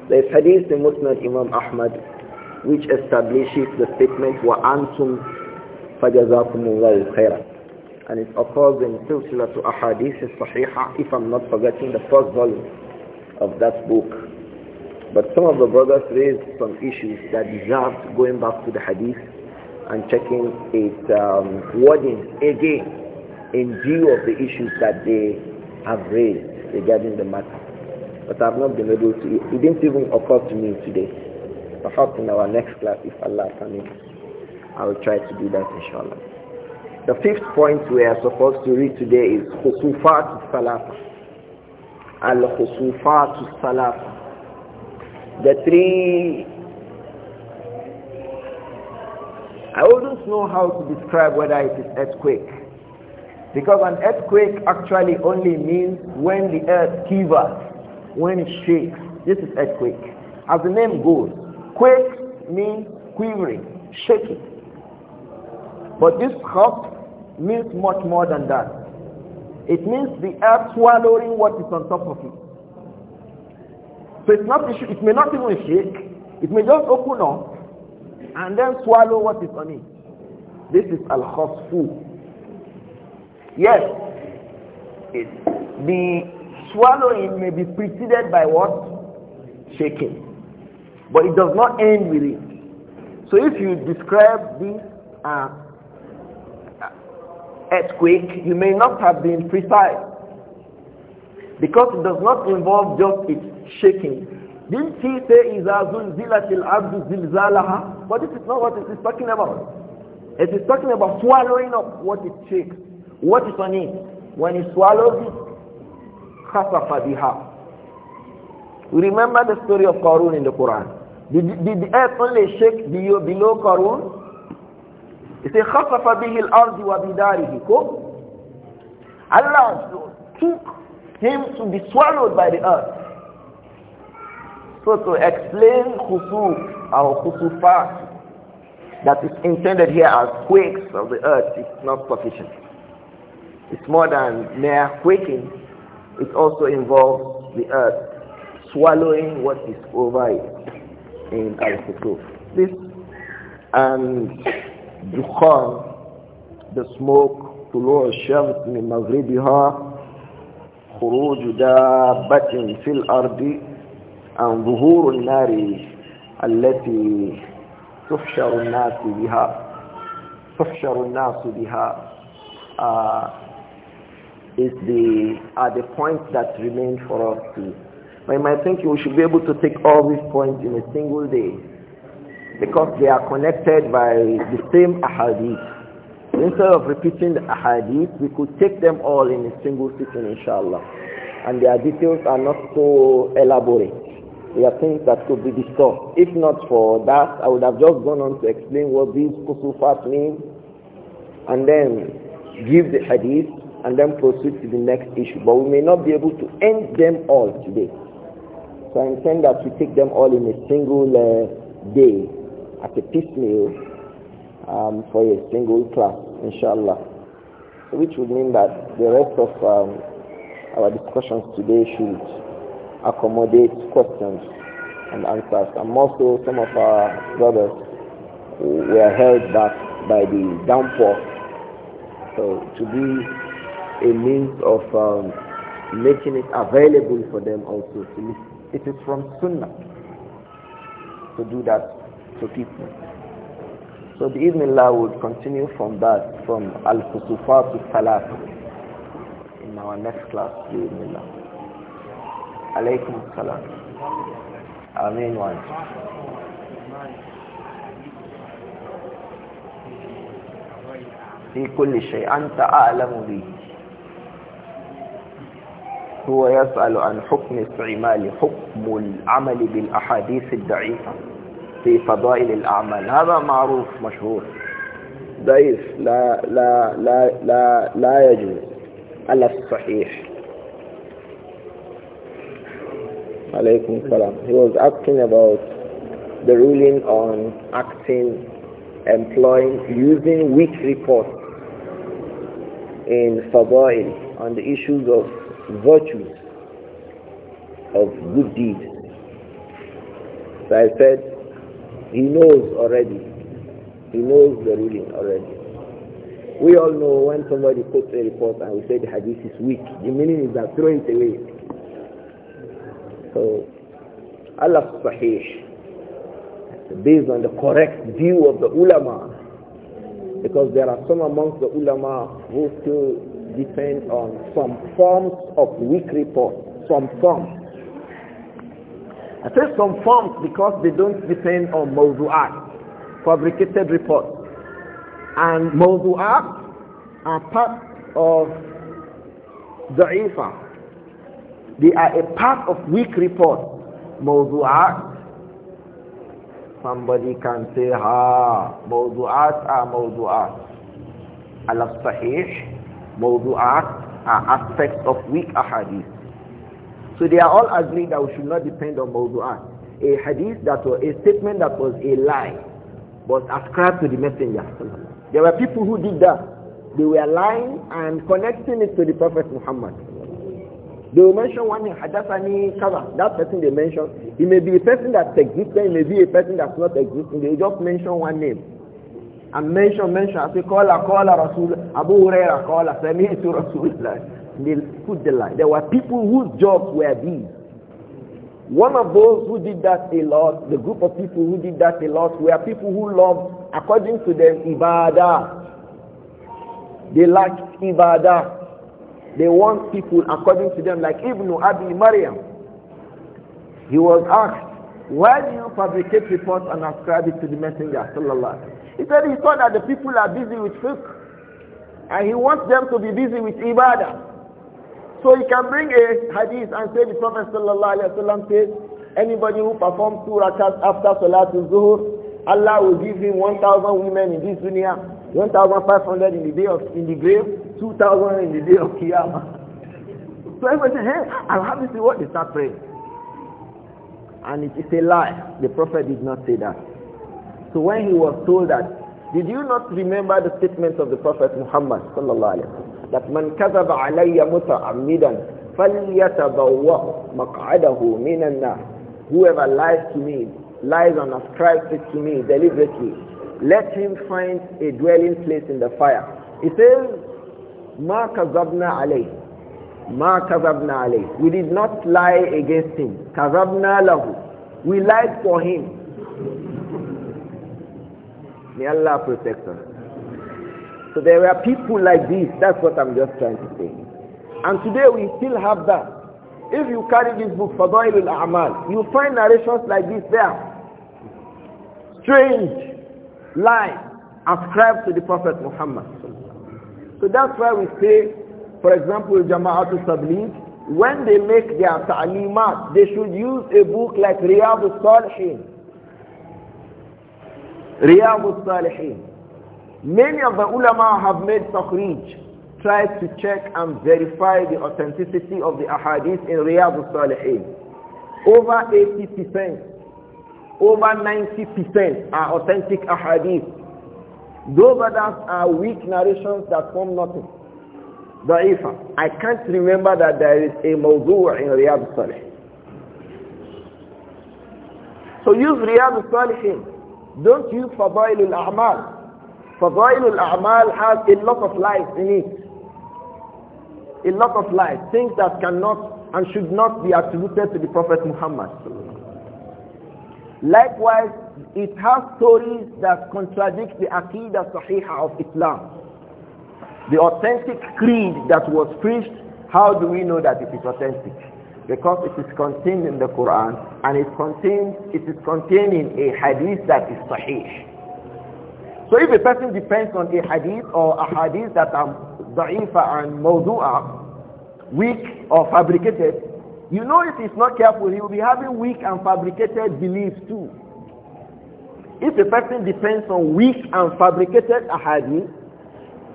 There's hadith in Muslim Imam Ahmad which establishes the statement wa antum fajazakumullahu khairan. And it occurs in to Ahadith Sahiha, if I'm not forgetting the first volume of that book. But some of the brothers raised some issues that deserve going back to the hadith and checking its um, wording again in view of the issues that they have raised regarding the matter. But I've not been able to, it didn't even occur to me today. Perhaps in our next class, if Allah permits, I will try to do that inshallah. The fifth point we are supposed to read today is Khusufat Salaf. Al-Khusufat Salaf the three I wouldn't know how to describe whether it is earthquake. Because an earthquake actually only means when the earth quivers, when it shakes. This is earthquake. As the name goes, quake means quivering, shaking. But this hop means much more than that. It means the earth swallowing what is on top of it. So it's not, it may not even shake. It may just open up and then swallow what is on it. This is al-khasfu. Yes, it, the swallowing may be preceded by what? Shaking. But it does not end with it. So if you describe this uh, uh earthquake, you may not have been precise. Because it does not involve just its shaking. Didn't he say, إِذَا زُلْزِلَتِ الْعَبْدُ زِلْزَالَهَا? But this is not what it is talking about. It is talking about swallowing up what it shakes, what is on it. When it swallows it, خَسَفَ We remember the story of Karun in the Quran. Did, did the earth only shake below, below Qarun? It says, bihi خَسَفَ بِهِ الْأَرْضِ وَبِدَارِهِ Allah took him to be swallowed by the earth. So to explain khusuf or khusufat that is intended here as quakes of the earth is not sufficient. It's more than mere quaking. It also involves the earth swallowing what is over it in al-khusuf. This and dukhan, the smoke, طلوع الشمس من مغربها خروج دابة في الأرض and ظهور النار التي تحشر الناس بها تحشر الناس بها uh, is the are the points that remain for us to I might think we should be able to take all these points in a single day because they are connected by the same ahadith. Instead of repeating the ahadith, we could take them all in a single sitting, inshallah. And their details are not so elaborate. There are things that could be discussed. If not for that, I would have just gone on to explain what these kusufat mean and then give the hadith and then proceed to the next issue. But we may not be able to end them all today. So I intend that we take them all in a single uh, day at a piecemeal um, for a single class, inshallah. Which would mean that the rest of um, our discussions today should accommodate questions and answers. And also some of our brothers were held back by the downpour. So to be a means of um, making it available for them also to listen. It is from Sunnah to do that to people. So the evening law would continue from that, from Al-Kusufat to Salat in our next class, the evening law. عليكم السلام
آمين وأنت
في كل شيء أنت أعلم به هو يسأل عن حكم استعمال حكم العمل بالأحاديث الضعيفة في فضائل الأعمال هذا معروف مشهور ضعيف لا لا لا لا لا يجوز على الصحيح Alaykum salam. He was asking about the ruling on acting, employing, using weak reports in Fadail on the issues of virtues, of good deeds. So I said, he knows already. He knows the ruling already. We all know when somebody quotes a report and we say the hadith is weak, the meaning is that throw it away. So, Allah Sahih, based on the correct view of the ulama, because there are some amongst the ulama who still depend on some forms of weak report, some forms. I say some forms because they don't depend on mawzu'at, fabricated reports. And mawzu'at are part of the da'ifa, they are a part of weak report. Mawdu'at. Somebody can say, ha, mawdu'at are mawdu'at. Al-Sahih, mawdu'at are aspects of weak ahadith. So they are all agreed that we should not depend on mawdu'at. A hadith that was, a statement that was a lie was ascribed to the messenger. There were people who did that. They were lying and connecting it to the Prophet Muhammad. They will mention one name, hadassani, Kama. That person they mention, it may be a person that's existing, it may be a person that's not existing. They just mention one name. And mention, mention, I say, call Kala Rasul, Abu Huraira, Kala, Sami'tu Rasulullah. They put the line. There were people whose jobs were these. One of those who did that a lot, the group of people who did that a lot, were people who loved, according to them, ibadah. They liked ibadah. They want people according to them like Ibn Abi Maryam. He was asked, why do you fabricate reports and ascribe it to the messenger? He said he thought that the people are busy with fiqh and he wants them to be busy with ibadah. So he can bring a hadith and say the Prophet ﷺ says, anybody who performs two rakats after Salatul Zuhur, Allah will give him 1,000 women in this dunya, 1,500 in the day of in the grave, 2,000 in the day of Qiyamah. So everybody said, hey, I'll have to see what they start praying. And it is a lie. The Prophet did not say that. So when he was told that, did you not remember the statement of the Prophet Muhammad sallallahu alaihi wasallam that man kadhaba alayya muta'ammidan falyatabawwa maq'adahu minan nar whoever lies to me lies and ascribes it to me deliberately let him find a dwelling place in the fire. He says, Ma kazabna alayhi. Ma kazabna alayhi. We did not lie against him. Kazabna lahu. We lied for him. May Allah protect us. So there were people like this. That's what I'm just trying to say. And today we still have that. If you carry this book, Fadail al-A'mal, you find narrations like this there. Strange lies ascribed to the Prophet Muhammad. So that's why we say, for example, Jama'atul Tabligh, when they make their ta'limat, they should use a book like Riyadh al-Salihin. Riyadh al-Salihin. Many of the ulama have made takhrij, tried to check and verify the authenticity of the ahadith in Riyadh al-Salihin. Over 80%, over 90% are authentic ahadith those others are weak narrations that form nothing. Da'ifa. I can't remember that there is a mawdu' in Riyadh Salih. So use Riyadh Salihin. Don't use Fadail al-A'mal. Fadail al-A'mal has a lot of life in it a lot of lies, things that cannot and should not be attributed to the Prophet Muhammad. Likewise, it has stories that contradict the Aqidah Sahihah of Islam. The authentic creed that was preached, how do we know that it is authentic? Because it is contained in the Quran and it contains it is containing a hadith that is sahih. So if a person depends on a hadith or a hadith that are da'ifa and mawdu'a, weak or fabricated, you know if he's not careful, he will be having weak and fabricated beliefs too if a person depends on weak and fabricated ahadith,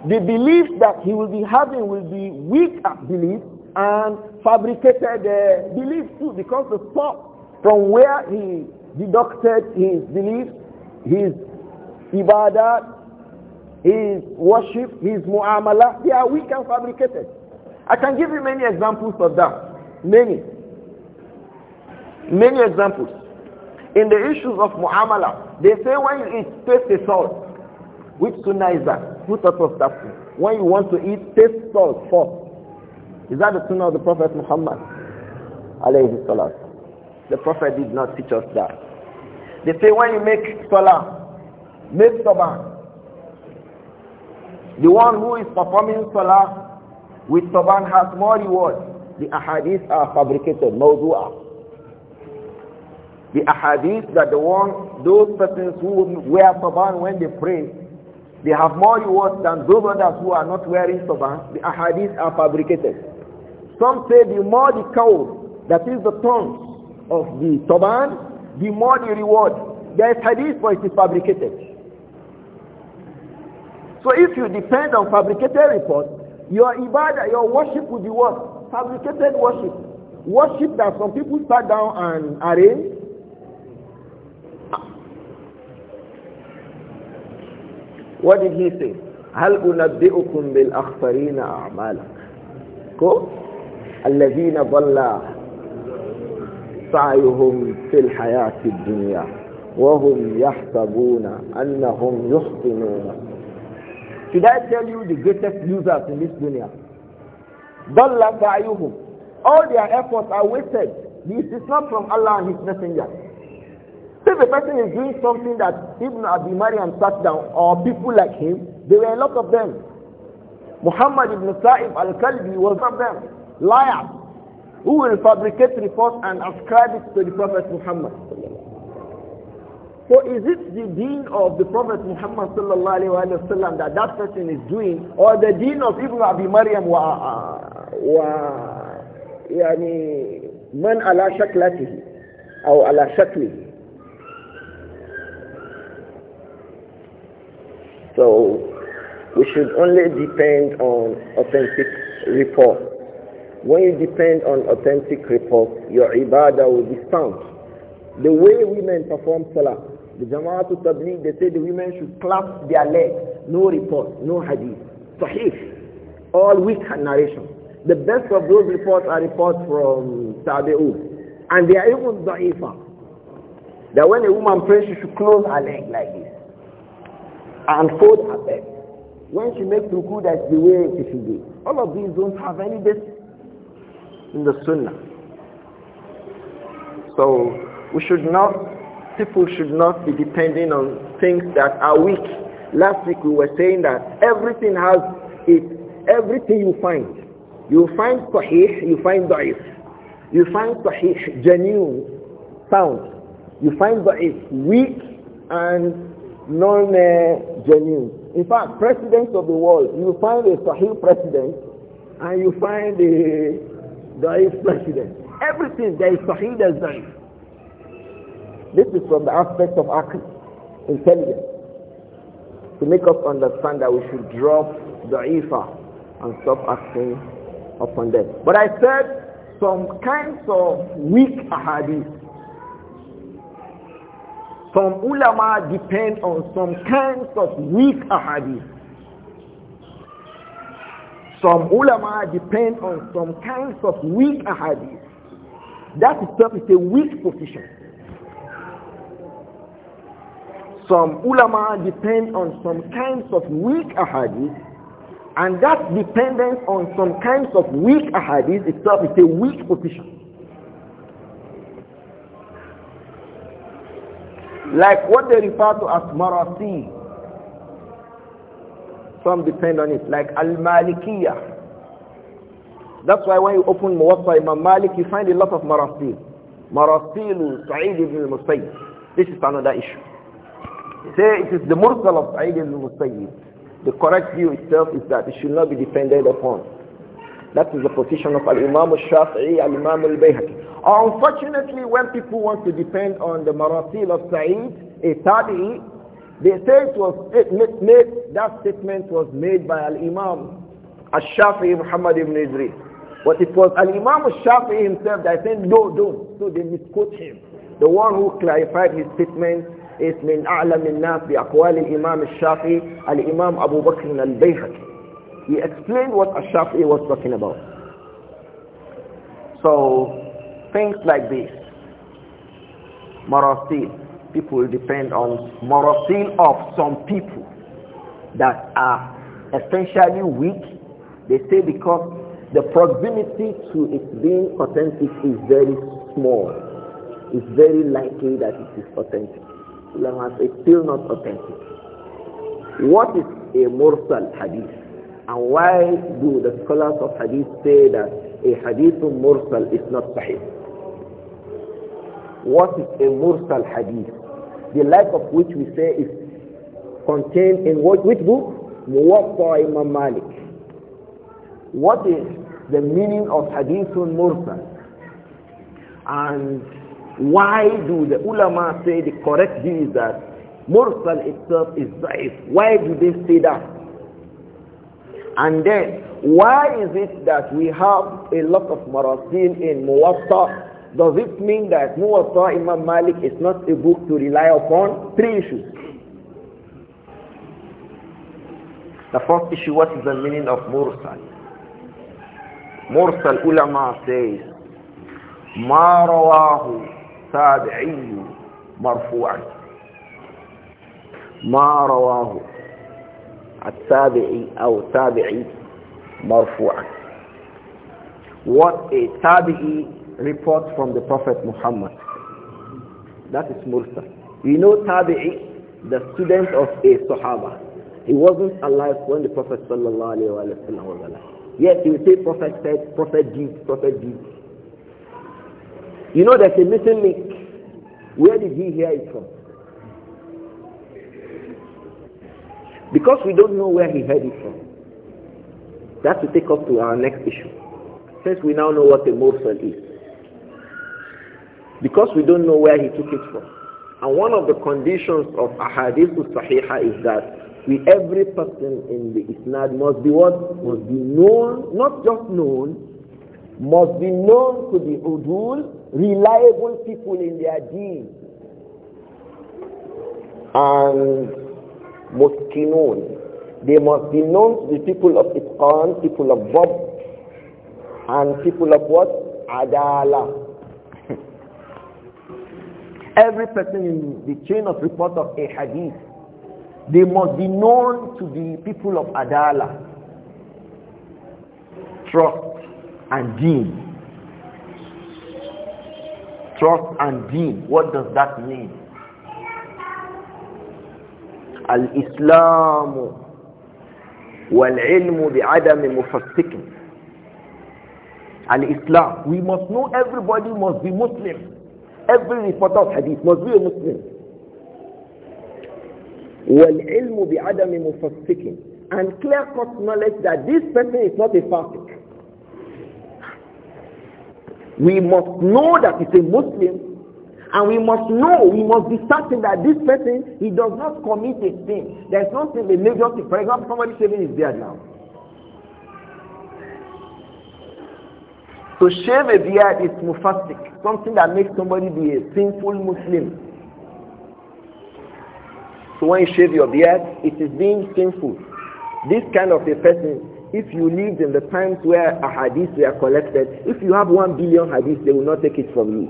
the belief that he will be having will be weak belief and fabricated uh, belief too because the source from where he deducted his belief, his ibadah, his worship, his muamalah they are weak and fabricated. I can give you many examples of that. Many. Many examples. In the issues of muamalah. They say when you eat, taste the salt. Which tuna is that? Who thought of that? When you want to eat, taste salt first. Is that the tuna of the Prophet Muhammad? The Prophet did not teach us that. They say when you make salah, make taban. The one who is performing salah with taban has more reward. The ahadith are fabricated, mawdu'ah. The ahadith that the one, those persons who wear turban when they pray, they have more rewards than those others who are not wearing turban. The ahadith are fabricated. Some say the more the cowl, that is the tongue of the turban, the more the reward. There is hadith but it is fabricated. So if you depend on fabricated reports, your ibadah, your worship will be what? Fabricated worship. Worship that some people sat down and arranged What did he say? هل أنبئكم بالأخسرين أعمالا كو الذين ضل سعيهم في الحياة الدنيا وهم يحسبون أنهم يحسنون Should I tell you the greatest losers in this dunya? ضل سعيهم All their efforts are wasted. This is not from Allah and His Messenger. So if a person is doing something that Ibn Abi Maryam sat down, or people like him, there were a lot of them. Muhammad ibn Sa'ib al-Kalbi was one of them. Liars who will fabricate reports and ascribe it to the Prophet Muhammad. So is it the deen of the Prophet Muhammad وسلم, that that person is doing, or the deen of Ibn Abi Maryam wa, uh, wa يعني من على شكلته أو على شكله should only depend on authentic report. When you depend on authentic report, your ibadah will be sound. The way women perform salah, the Jama'at Tabligh, they say the women should clasp their legs. No report, no hadith. Sahih. All weak narration. The best of those reports are reports from Tabi'un. And they are even daifah. That when a woman prays, she should close her leg like this and fold her bed. When she makes ruku, that's the way it should be. All of these don't have any basis in the sunnah. So we should not, people should not be depending on things that are weak. Last week we were saying that everything has it. Everything you find, you find sahih, you find da'if. You find sahih, genuine, sound. You find da'if, weak and non-genuine. Uh, in fact, presidents of the world, you find a Sahil president and you find a Daif president. Everything there is Sahil there is Daif. This is from the aspect of Aql, intelligence. To make us understand that we should drop Da'ifa and stop acting upon them. But I said some kinds of weak ahadith some ulama depend on some kinds of weak ahadith. Some ulama depend on some kinds of weak ahadith. That itself is a weak position. Some ulama depend on some kinds of weak ahadith, and that dependence on some kinds of weak ahadith itself is a weak position. Like what they refer to as marasi. Some depend on it, like al-malikiyah. That's why when you open Muwatta Imam Malik, you find a lot of marasi Marasil Sa'id ibn al-Musayyib. This is another issue. Say it is the mursal of Sa'id ibn al-Musayyib. The correct view itself is that it should not be depended upon. That is the position of Al-Imam al-Shafi'i, Al-Imam al-Bayhaqi. Unfortunately, when people want to depend on the marasil of Sa'id, a tabi'i, they say it was it made, that statement was made by Al-Imam Al-Shafi'i Muhammad ibn Nizri, But it was Al-Imam Al-Shafi'i himself that said, no, don't. So they misquote him. The one who clarified his statement is من أعلم الناس بأقوال الإمام الشافعي الإمام أبو بكر البيهقي. He explained what Al-Shafi'i was talking about. So Things like this. Marasil. People depend on marasil of some people that are essentially weak. They say because the proximity to it being authentic is very small. It's very likely that it is authentic. It's still not authentic. What is a moral hadith? And why do the scholars of hadith say that a hadith mursal is not sahih? what is a mursal hadith, the like of which we say is contained in what, which book? Muwatta Imam Malik. What is the meaning of hadithun mursal? And why do the ulama say the correct view is that mursal itself is da'if? Why do they say that? And then, why is it that we have a lot of marasil in Muwatta does it mean that Muwatta Imam Malik is not a book to rely upon? Three issues. The first issue, what is the meaning of Mursal? Mursal ulama says, ما رواه تابعي مرفوعا ما رواه التابعي أو تابعي مرفوعا What a tabi'i report from the Prophet Muhammad. That is Mursal. You know Tabi'i, the student of a Sahaba. He wasn't alive when the Prophet sallallahu alayhi wa was alive. Yes, he would say Prophet said, Prophet did, Prophet did. You know there's a missing link. Where did he hear it from? Because we don't know where he heard it from. That will take us to our next issue. Since we now know what a morsel is. Because we don't know where he took it from. And one of the conditions of ahadith sahiha is that we, every person in the isnad must be what? Must be known, not just known, must be known to the udul, reliable people in their deen. And muskinun. They must be known to the people of Itqan, people of Bob, and people of what? Adala every person in the chain of report of a hadith, they must be known to the people of Adala. Trust and deen. Trust and deen. What does that mean? Al Islam bi adam بعدم Al Islam. we must know everybody must be Muslim every reporter of hadith must be a Muslim. وَالْعِلْمُ بِعَدَمِ speaking. And clear-cut knowledge that this person is not a fasik. We must know that he's a Muslim and we must know, we must be certain that this person, he does not commit a sin. There's no sin, a major sin. For example, somebody saving is dead now. So shave a beard is mufastik, something that makes somebody be a sinful Muslim. So when you shave your beard, it is being sinful. This kind of a person, if you lived in the times where a hadith were collected, if you have one billion hadiths, they will not take it from you.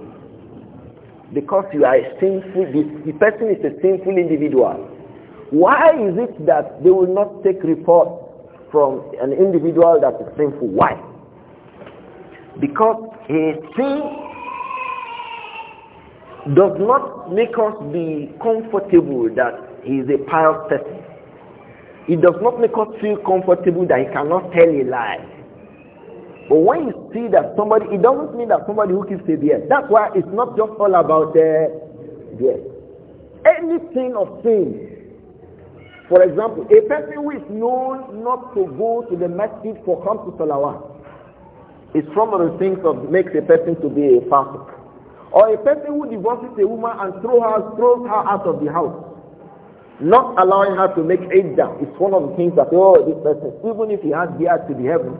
Because you are a sinful, the person is a sinful individual. Why is it that they will not take report from an individual that is sinful? Why? Because his sin does not make us be comfortable that he is a pious person. It does not make us feel comfortable that he cannot tell a lie. But when you see that somebody, it doesn't mean that somebody who keeps a beard. That's why it's not just all about the uh, beard. Anything of sin. For example, a person who is known not to go to the masjid for come to salawat it's of the things that makes a person to be a fasik. Or a person who divorces a woman and throw her, throws her out of the house. Not allowing her to make iddah. It's one of the things that, oh, this person, even if he has the to be heaven,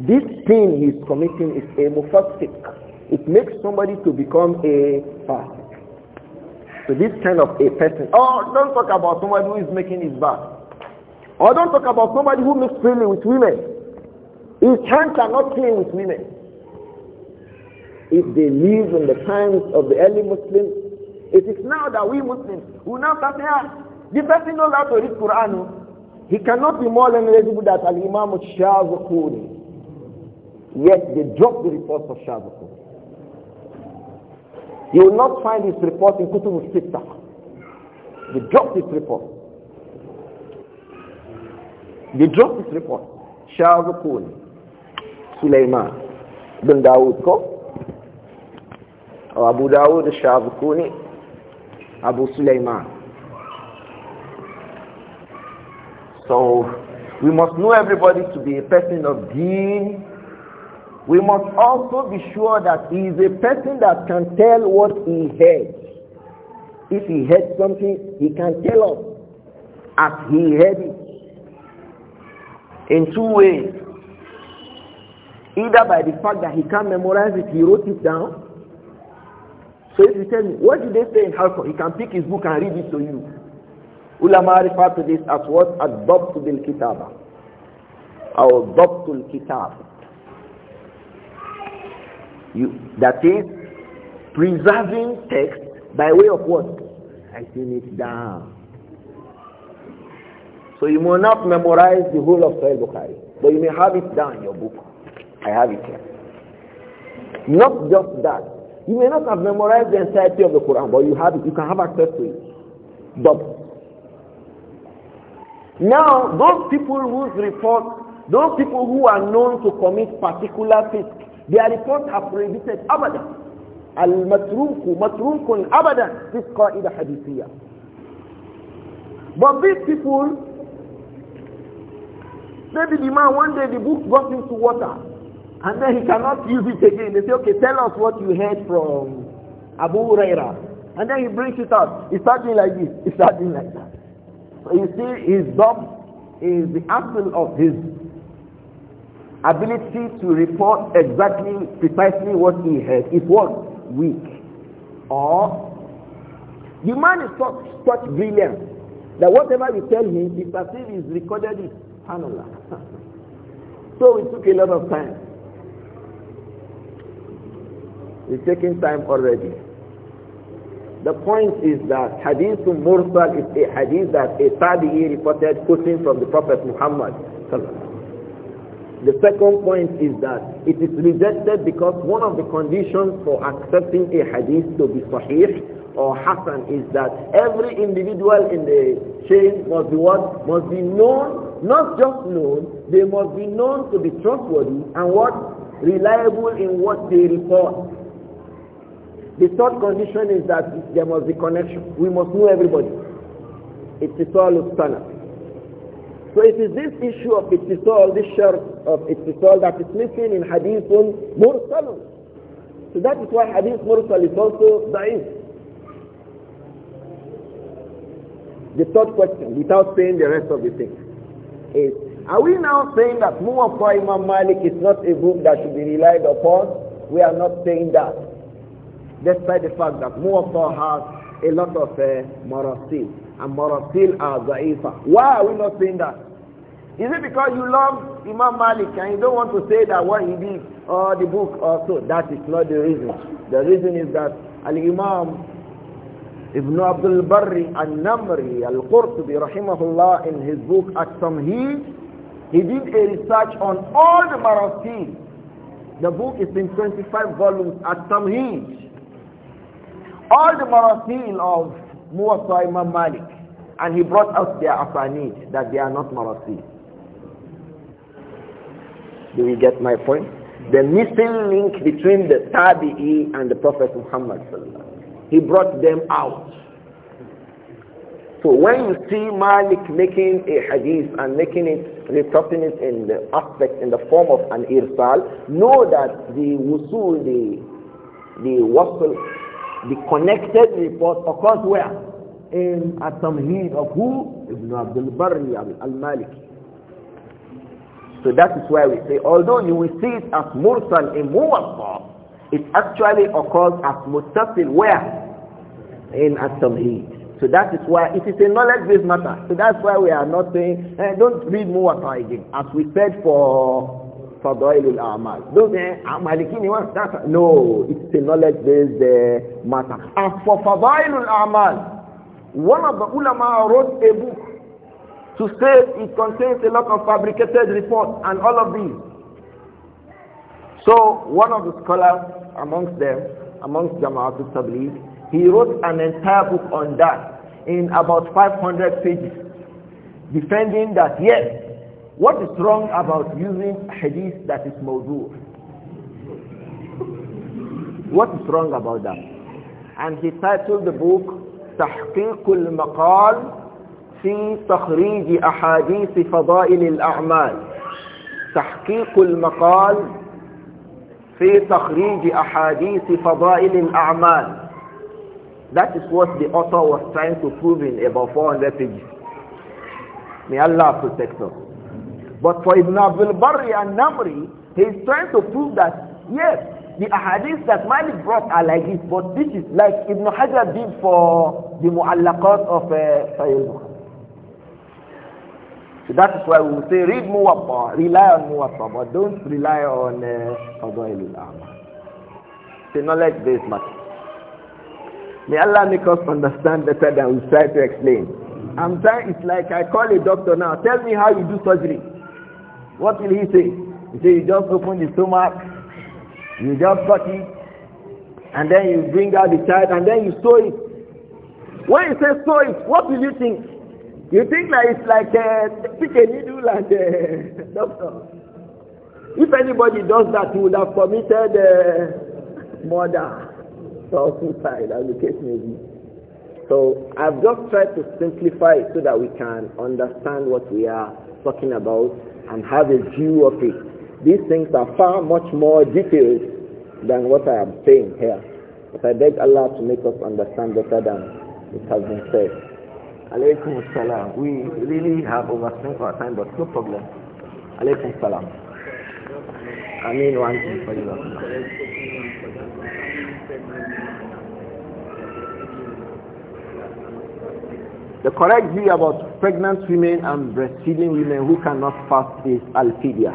this thing he's committing is a mufasik. It makes somebody to become a fasik. So this kind of a person. Oh, don't talk about somebody who is making his bad. Or don't talk about somebody who makes freely with women. His are not clean with women. If they live in the times of the early Muslims, it is now that we Muslims who now start here. The person knows how to read Quran. Oh. He cannot be more knowledgeable than Al Imam Shazakuri. Yet they drop the reports of Shazakuri. You will not find his report in Kutub al They dropped his report. They dropped his report. Shazakuri. Sulaiman bin Dawood ko oh, Abu Dawood al Abu Sulaiman so we must know everybody to be a person of deen we must also be sure that he is a person that can tell what he heard if he heard something he can tell us as he heard it in two ways Either by the fact that he can't memorize it, he wrote it down. So if you tell me, what did they say in Halqa? He can pick his book and read it to you. Ulama refer to this as what? Ad-Dabtu bil-Kitaba. Or Dabtu al-Kitab. You, that is, preserving text by way of what? Writing it down. So you may not memorize the whole of Sahih Bukhari, but you may have it down in your book. I have it here. Not just that. You may not have memorized the entirety of the Quran, but you have it. You can have access to it. But Now, those people whose report, those people who are known to commit particular sins, their reports are prohibited abadan. Al-matruku, in abadan, this qaida hadithiyah. But these people, maybe the man one day the book got into water. And then he cannot use it again. They say, okay, tell us what you heard from Abu Huraira. And then he brings it out. He starts doing like this. He starts doing like that. So you see, his dog is the apple of his ability to report exactly, precisely what he heard is what? Weak. Or the man is such, such brilliant that whatever we tell him, he perceives is recorded it. so it took a lot of time. It's taking time already. The point is that hadith mursal is a hadith that a tabi'i reported quoting from the Prophet Muhammad. The second point is that it is rejected because one of the conditions for accepting a hadith to be sahih or hasan is that every individual in the chain must be what? Must be known, not just known, they must be known to be trustworthy and what? Reliable in what they report. The third condition is that there must be connection. We must know everybody. It is Ittisal Ustana. So it is this issue of it is all this shirt of it is all that is missing in Hadithun Mursalun. So that is why Hadith Mursal is also Da'if. The third question, without saying the rest of the thing, is are we now saying that Muwafa Imam Malik is not a book that should be relied upon? We are not saying that despite the fact that Muwatta has a lot of uh, marasil, and marasil are za'ifa. Why are we not saying that? Is it because you love Imam Malik and you don't want to say that what he did or the book also. That is not the reason. The reason is that Al-Imam Ibn Abdul Barri Al-Namri Al-Qurtubi rahimahullah in his book At-Tamheed he did a research on all the marasil. The book is in 25 volumes At-Tamheed all the marasil of Muwatta Imam Malik and he brought out their asanid that they are not marasil. Do you get my point? The missing link between the Tabi'i and the Prophet Muhammad He brought them out. So when you see Malik making a hadith and making it, resorting it in the aspect, in the form of an irsal, know that the wusul, the, the wasl the connected report occurs where? In at heat of who? Ibn Abdul Barri al-Maliki. So that is why we say, although you will see it as mursal in Muwatta, it actually occurs as muttasil where? In at heat. So that is why it is a knowledge-based matter. So that's why we are not saying, eh, don't read Muwatta again. As we said for fadailul a'mal. Those eh, Malikini ones, that's, a, no, it's a knowledge-based uh, matter. And for fadailul a'mal, one of the ulama wrote a book to say it contains a lot of fabricated reports and all of these. So one of the scholars amongst them, amongst Jama'at al-Tabligh, he wrote an entire book on that in about 500 pages, defending that yes, what is wrong about using hadith that is mawdu? What is wrong about that? And he titled the book تحقيق المقال في تخريج أحاديث فضائل الأعمال تحقيق المقال في تخريج أحاديث فضائل الأعمال That is what the author was trying to prove in about 400 pages. May Allah protect us. But for Ibn Abdul Barri and Namri, he is trying to prove that, yes, the ahadith that Malik brought are like this, but this is like Ibn Hajar did for the mu'allaqat of uh, Sahih So that is why we say read Muwatta, rely on Muwatta, but don't rely on uh, Fadail uh, al like this much. knowledge-based matter. May Allah make us understand better than we try to explain. I'm trying, it's like I call a doctor now, tell me how you do surgery. What will he say? He say, you just open the stomach, you just cut it, and then you bring out the child, and then you sew it. When he says sew it, what will you think? You think like it's like a uh, pick a needle and uh, a doctor. If anybody does that, he would have committed uh, murder or suicide, as the case may be. So I've just tried to simplify it so that we can understand what we are talking about and have a view of it. These things are far much more detailed than what I am saying here. But I beg Allah to make us understand better than it has been said. Alaykum salam. We really have overspent our time, but no problem. Alaykum salam.
I mean one thing for you.
The correct view about pregnant women and breastfeeding women who cannot fast is al-fidya.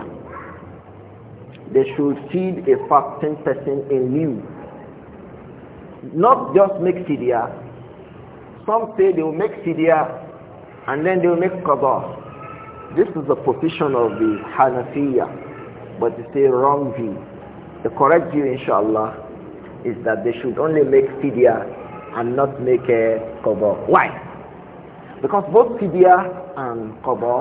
They should feed a fasting person a meal. Not just make fidya. Some say they will make fidya and then they will make qadha. This is the position of the Hanafiya, but it's a wrong view. The correct view, inshallah, is that they should only make fidya and not make a qadha. Why? Because both fidya and qada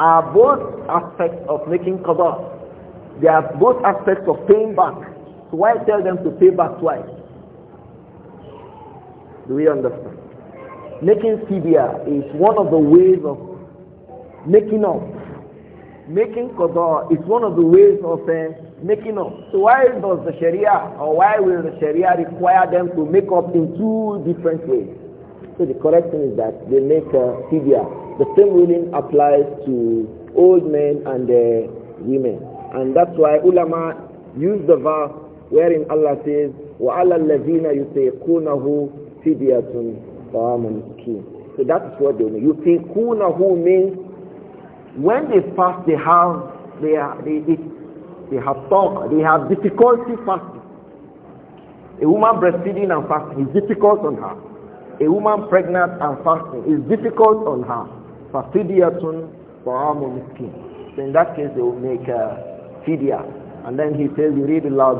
are both aspects of making qada. They are both aspects of paying back. So why tell them to pay back twice? Do we understand? Making fidya is one of the ways of making up. Making qada is one of the ways of uh, making up. So why does the Sharia or why will the Sharia require them to make up in two different ways? So the correct thing is that they make a fidya. The same ruling applies to old men and uh, women. And that's why ulama use the verse wherein Allah says, وَعَلَى الَّذِينَ يُتَيْقُونَهُ فِدْيَةٌ طَعَامٌ مِسْكِينٌ So that's what they mean. يُتَيْقُونَهُ means when they fast, they have they are, they, they, they have talk, they have difficulty fasting. A woman breastfeeding and fasting is difficult on her a woman pregnant and fasting is difficult on her. for our miskin. So in that case, they will make a fidya. And then he says, you read Allah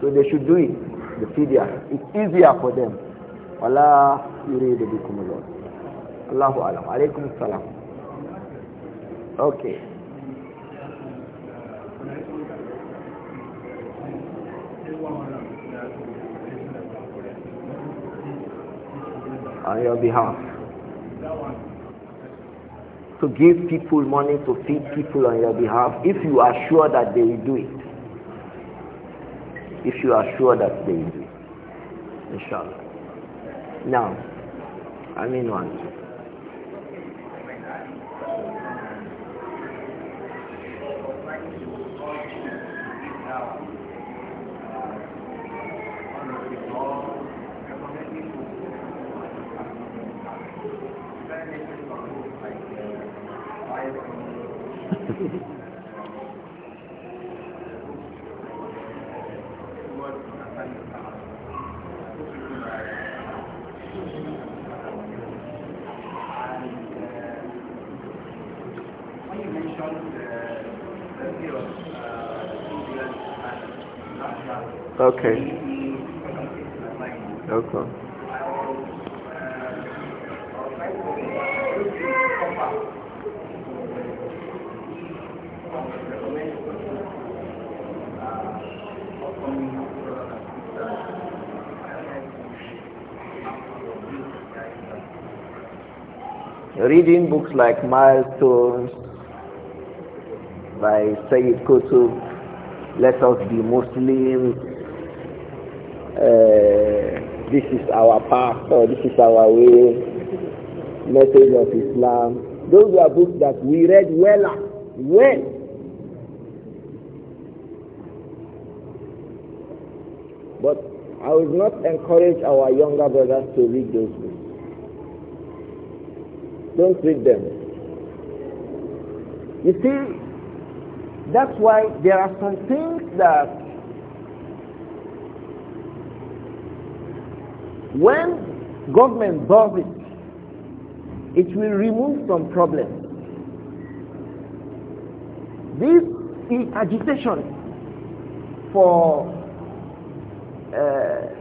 So they should do it, the fidya. It's easier for them. Wala yuridu bikum Allah. Allahu alam. Alaykum salam. Okay.
Thank you. on
your behalf. To give people money to feed people on your behalf if you are sure that they will do it. If you are sure that they will do it. Inshallah. Now, I mean one.
Okay. Okay.
Reading books like Milestones by Sayyid Qutb, Let Us Be Muslims, uh, this is our path or this is our way, message of Islam. Those were books that we read well, ah, well. But I would not encourage our younger brothers to read those books. Don't read them. You see, that's why there are some things that When government does it, it will remove some problems. This is agitation for uh,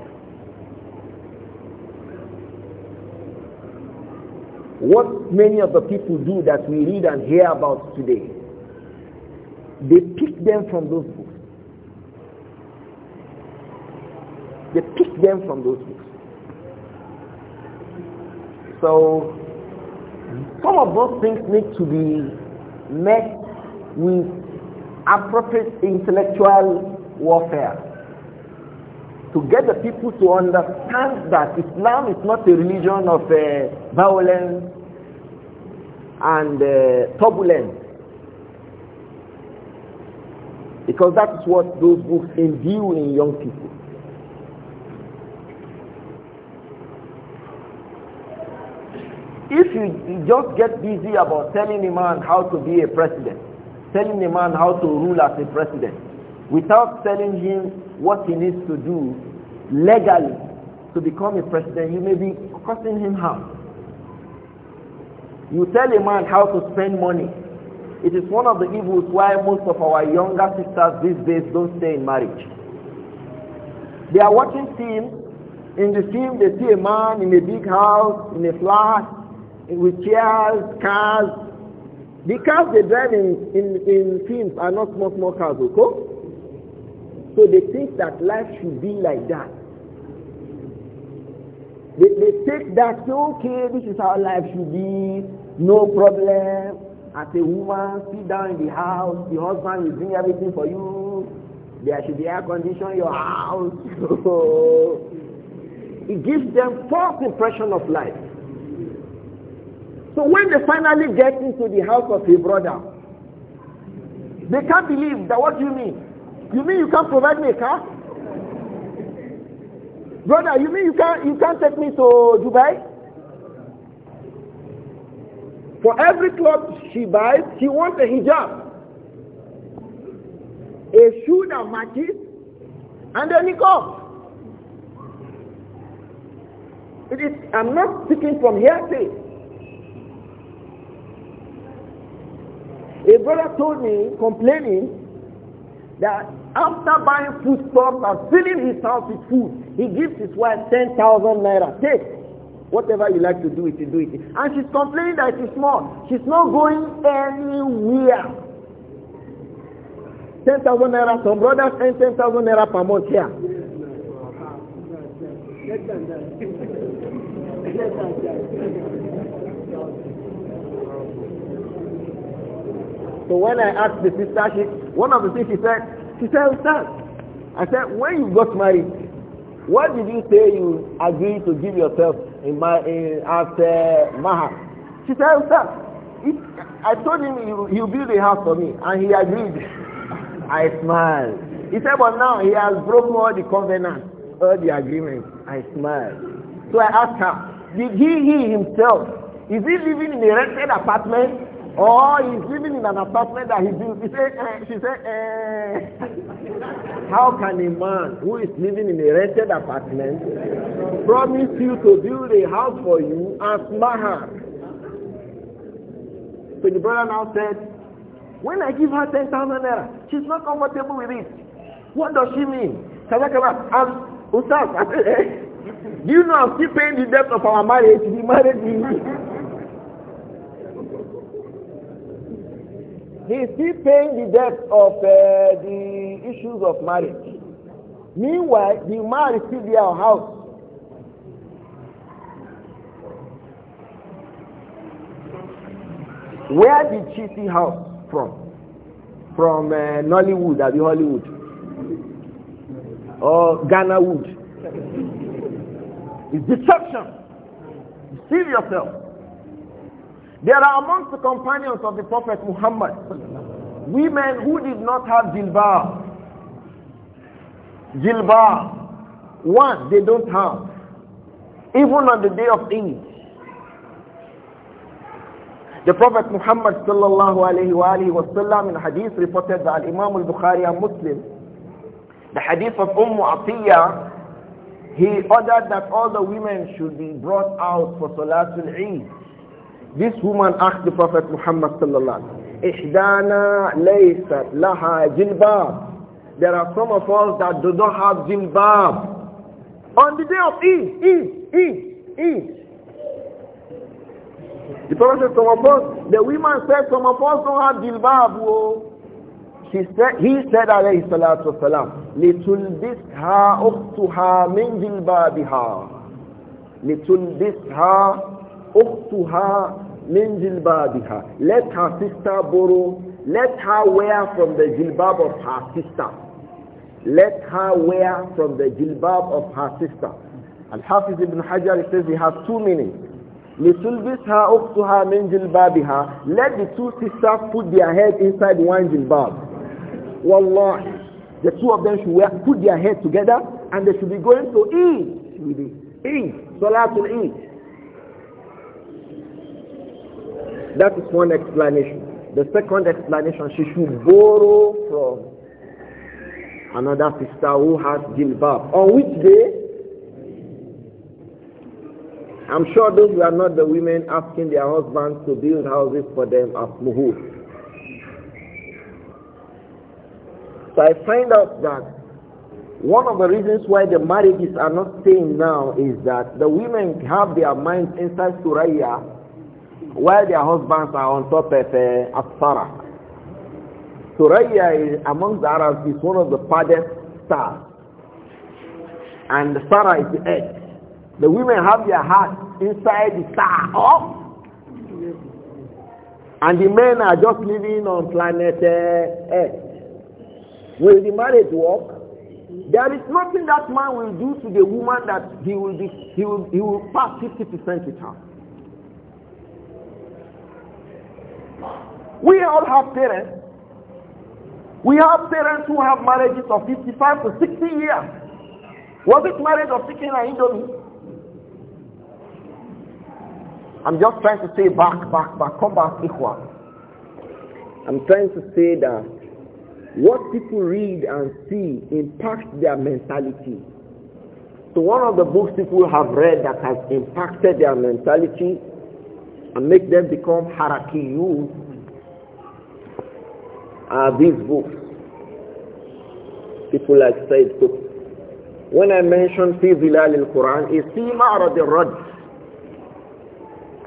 what many of the people do that we read and hear about today, they pick them from those books. They pick them from those books. So some of those things need to be met with appropriate intellectual warfare to get the people to understand that Islam is not a religion of uh, violence and uh, turbulence. Because that's what those books imbue in young people. If you, just get busy about telling a man how to be a president, telling a man how to rule as a president, without telling him what he needs to do legally to become a president, you may be causing him harm. You tell a man how to spend money. It is one of the evils why most of our younger sisters these days don't stay in marriage. They are watching films. In the film, they see a man in a big house, in a flat, with chairs, cars. The cars they drive in, in, in films are not small, small cars, okay? So they think that life should be like that. They, they take that, say, okay, this is how life should be, no problem. As a woman, sit down in the house, the husband will bring everything for you. There should be air condition your house. it gives them false impression of life. So when they finally get into the house of a brother, they can't believe that what do you mean? You mean you can't provide me a car? Brother, you mean you can't you can't take me to Dubai? For every cloth she buys, she wants a hijab. A shoe that matches and a niqab. It is I'm not speaking from hearsay. brother told me, complaining, that after buying foodstuffs and filling his house with food, he gives his wife 10,000 naira. Take whatever you like to do it, do it. And she's complaining that it's small. She's not going anywhere. 10,000 naira, some brothers earn 10,000 naira per month here. So when I asked the sister, she, one of the things she said, she said, Ustaz, I said, when you got married, what did you say you agreed to give yourself in my, in, after uh, Maha? She said, Ustaz, it, I told him he, will build a house for me, and he agreed. I smiled. He said, but now he has broken all the covenants, all the agreements. I smiled. So I asked her, did he, he himself, is he living in a rented apartment or oh, he's living in an apartment that he built. He said, eh, she said, eh. how can a man who is living in a rented apartment promise you to build a house for you as mahar? So the brother now said, when I give her 10,000 naira, she's not comfortable with it. What does she mean? Sadakaba, I'm, Ustaz, do you know I'm still paying the debt of our marriage? The marriage he is still paying the debt of uh, the issues of marriage. Meanwhile, the man is still there our house. Where did she see house from? From uh, Nollywood or the Hollywood? Or Ghana Wood?
It's deception. Deceive yourself.
There are amongst the companions of the Prophet Muhammad women who did not have jilbab. Jilbab. One, they don't have. Even on the day of Eid. The Prophet Muhammad sallallahu alayhi wa alayhi wa sallam in hadith reported by Imam al-Bukhari and Muslim. The hadith of Umm Atiyah, he ordered that all the women should be brought out for Salatul Eid. This woman asked the Prophet Muhammad sallallahu alaihi wasallam, laysat laha jilbab. There are some of us that do not have jilbab. On the day of Eid, Eid, Eid, Eid. The Prophet said, some of us, the woman said, some of us don't have jilbab. Whoa. Oh. She said, he said, alayhi salatu wasalam, لِتُلْبِسْهَا أُخْتُهَا مِنْ جِلْبَابِهَا لِتُلْبِسْهَا أُخْتُهَا min jilbabiha. Let her sister borrow, let her wear from the jilbab of her sister. Let her wear from the jilbab of her sister. Al-Hafiz ibn Hajar says he has two meanings. لِتُلْبِسْهَا أُخْتُهَا مِنْ جِلْبَابِهَا Let the two sisters put their head inside one jilbab. Wallah, The two of them should wear, put their head together and they should be going to eat. Eid. Salatul Eid. That is one explanation. The second explanation, she should borrow from another sister who has jilbab. On which day? I'm sure those were not the women asking their husbands to build houses for them at muhur. So I find out that one of the reasons why the marriages are not staying now is that the women have their minds inside Suraya while their husbands are on top of uh, Asara. Suraya is, among the Arabs is one of the farthest stars. And the Sara is the egg. The women have their heart inside the star And the men are just living on planet uh, Earth. Will the marriage work? There is nothing that man will do to the woman that he will, be, he will, he will pass 50% with her. We all have parents. We have parents who have marriages of 55 to 60 years. Was it marriage of chicken and indomie? I'm just trying to say back, back, back, come back, Ikhwan. I'm trying to say that what people read and see impacts their mentality. So one of the books people have read that has impacted their mentality and make them become harakiyun are ah, these books. People like Said Qutb. When I mentioned Fi in al-Quran, is Fi Ma'rad al-Rajj.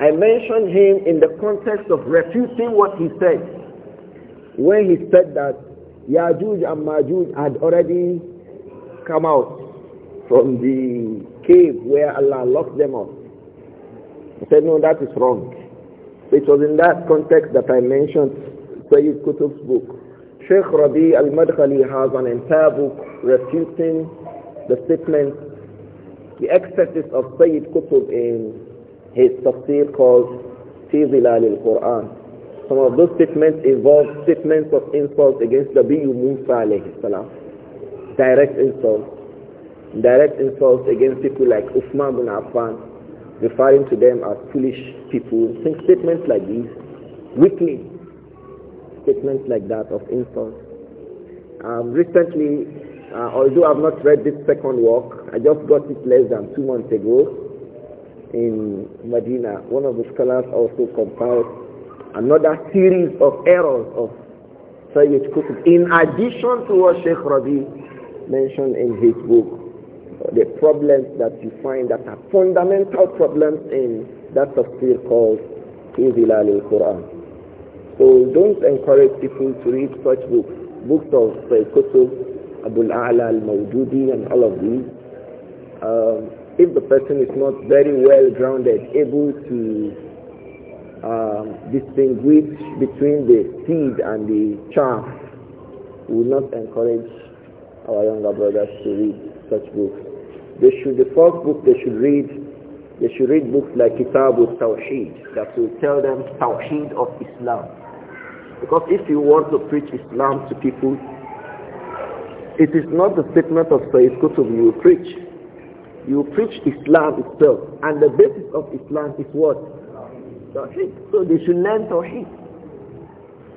I mentioned him in the context of refuting what he said. When he said that Yajuj and Majuj had already come out from the cave where Allah locked them up. He said, no, that is wrong. It was in that context that I mentioned Sayyid Qutb's book. Sheikh Rabi al-Madkhali has an entire book refuting the statement, the excesses of Sayyid Qutb in his tafsir called Tizilal al-Quran. Some of those statements involve statements of insult against the B.U. Musa alayhi salam. Direct insults. Direct insults against people like Uthman bin Affan, referring to them as foolish people, think statements like these, weakly, statements like that of insult. Um, recently, uh, although I've not read this second work, I just got it less than two months ago in Medina. One of the scholars also compiled another series of errors of Sayyid Qutb in addition to what Sheikh Rabi mentioned in his book the problems that you find that are fundamental problems in that tafsir called Izilal al-Quran. So don't encourage people to read such books, books of uh, Qutb, Abu al-A'la al mawjudi and all of these. Um, if the person is not very well grounded, able to um, distinguish between the seed and the chaff, we will not encourage our younger brothers to read such books. They should, the first book they should read, they should read books like Kitab al-Tawheed, that will tell them Tawheed of Islam. Because if you want to preach Islam to people, it is not the statement of Sayyid Qutb you preach. You preach Islam itself. And the basis of Islam is what? Tawheed. So they should learn Tawheed.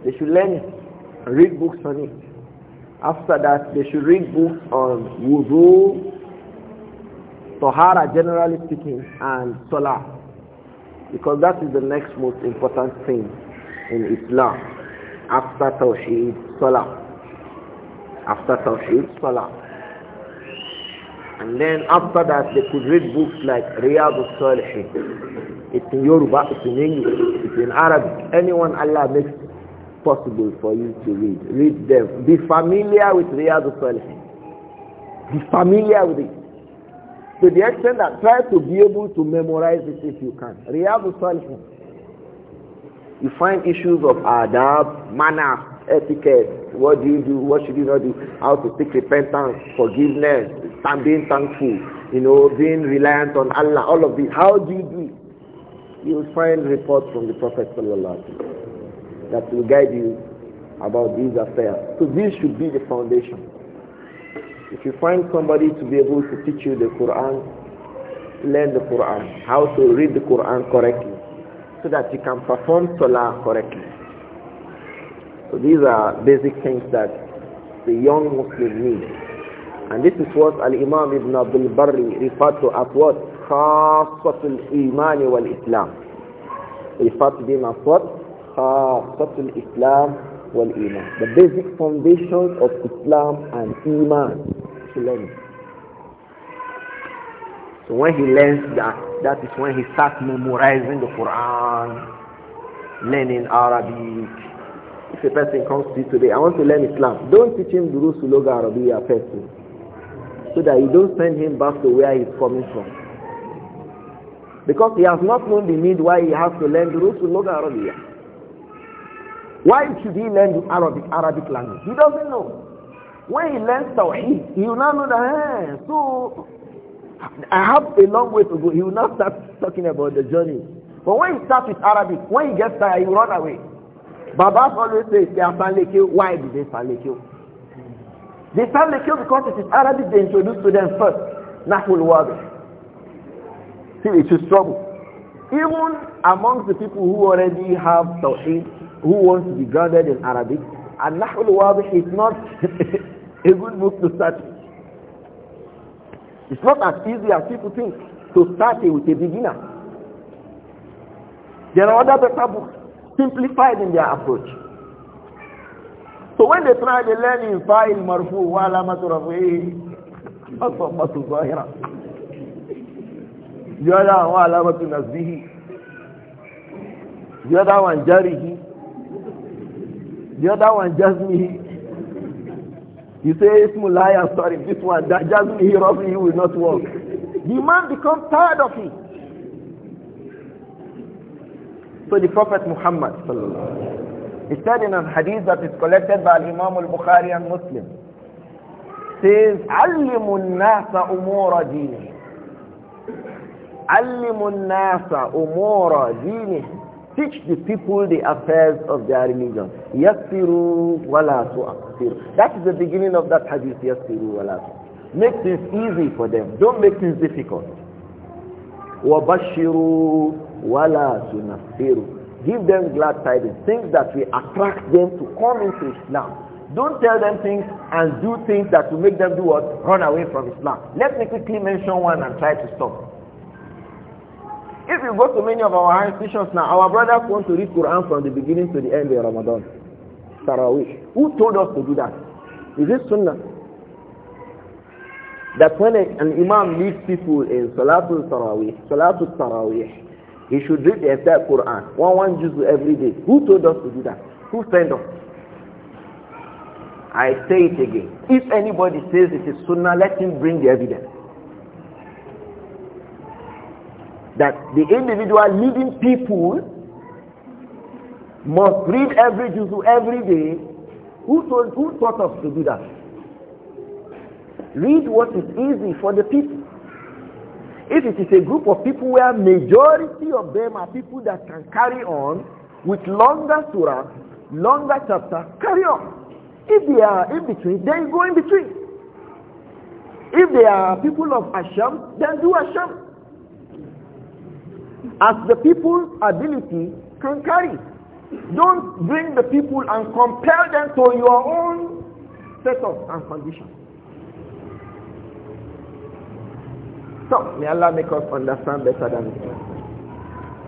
They should learn it. Read books on it. After that, they should read books on wudu, Tahara, generally speaking, and Salah. Because that is the next most important thing in Islam. After Tawheed, Salah. After Tawheed, Salah. And then after that, they could read books like Riyadh al-Salihin. It's in Yoruba, it's in English, it's in Arabic. Anyone Allah makes possible for you to read. Read them. Be familiar with Riyadh al-Salihin. Be familiar with it. To the extent that try to be able to memorize it if you can. Riyadu Salihin. You find issues of adab, manner, etiquette. What do you do? What should you not do? How to seek repentance, forgiveness, and being thankful. You know, being reliant on Allah. All of this. How do you do it? You will find reports from the Prophet that will guide you about these affairs. So this should be the foundation. If you find somebody to be able to teach you the Quran, learn the Quran, how to read the Quran correctly, so that you can perform Salah correctly. So these are basic things that the young Muslim needs. And this is what Al-Imam Ibn Abdul Barri referred to as what? Iman wal Islam, referred to them as what? Islam wal Iman, the basic foundations of Islam and Iman to learn So when he learns that, that is when he starts memorizing the Quran, learning Arabic. If a person comes to you today, I want to learn Islam, don't teach him Duru Arabic, Arabiya first, so that you don't send him back to where he's coming from. Because he has not known the need why he has to learn of Suloga Arabiya. Why should he learn the Arabic, Arabic language? He doesn't know. When he learns Tawheed, he will now know that, hey, so I have a long way to go. He will now start talking about the journey. But when he starts with Arabic, when he gets tired, he will run away. Baba always says, they are Sanlekyo. Why did they Sanlekyo? They Sanlekyo because it is Arabic they introduced to them first. Nahul Wabi. See, it is trouble. Even amongst the people who already have Tawheed, who want to be grounded in Arabic, and Nahul Wabi is not a good book to start with. It's not as easy as people think to start with a beginner. There are other better books simplified in their approach. So when they try to learn in file marfu wa alamatu rafi'i zahira the other one alamatu nasbihi the other one jarihi the other one jazmihi you say, Ismullah, I'm sorry, this one, that doesn't hear you will not work. The man becomes tired of it. So the Prophet Muhammad, he said in a hadith that is collected by Imam al-Bukhari and Muslim, says, عَلِّمُ النَّاسَ أُمُورَ دِينِهِ عَلِّمُ النَّاسَ أُمُورَ دِينِهِ Teach the people the affairs of their religion. Yassiru wala tu'assiru. That is the beginning of that hadith, Yassiru wala Make things easy for them. Don't make things difficult. Wabashiru wala tunassiru. Give them glad tidings, things that will attract them to come into Islam. Don't tell them things and do things that will make them do what? Run away from Islam. Let me quickly mention one and try to stop. If you go to many of our institutions now, our brothers want to read Quran from the beginning to the end of Ramadan. Tarawih. Who told us to do that? Is it Sunnah? That when a, an Imam leads people in Salatul Tarawih, Salatul Tarawih, he should read the entire Quran, one one juz every day. Who told us to do that? Who sent us? I say it again. If anybody says it is Sunnah, let him bring the evidence. that the individual leading people must read every juzu every day. Who, told, who thought of to do that? Read what is easy for the people. If it is a group of people where majority of them are people that can carry on with longer surah, longer chapter, carry on. If they are in between, then go in between. If they are people of Asham, then do Asham as the people's ability can carry. Don't bring the people and compel them to your own status and condition. So, may Allah make us understand better than this.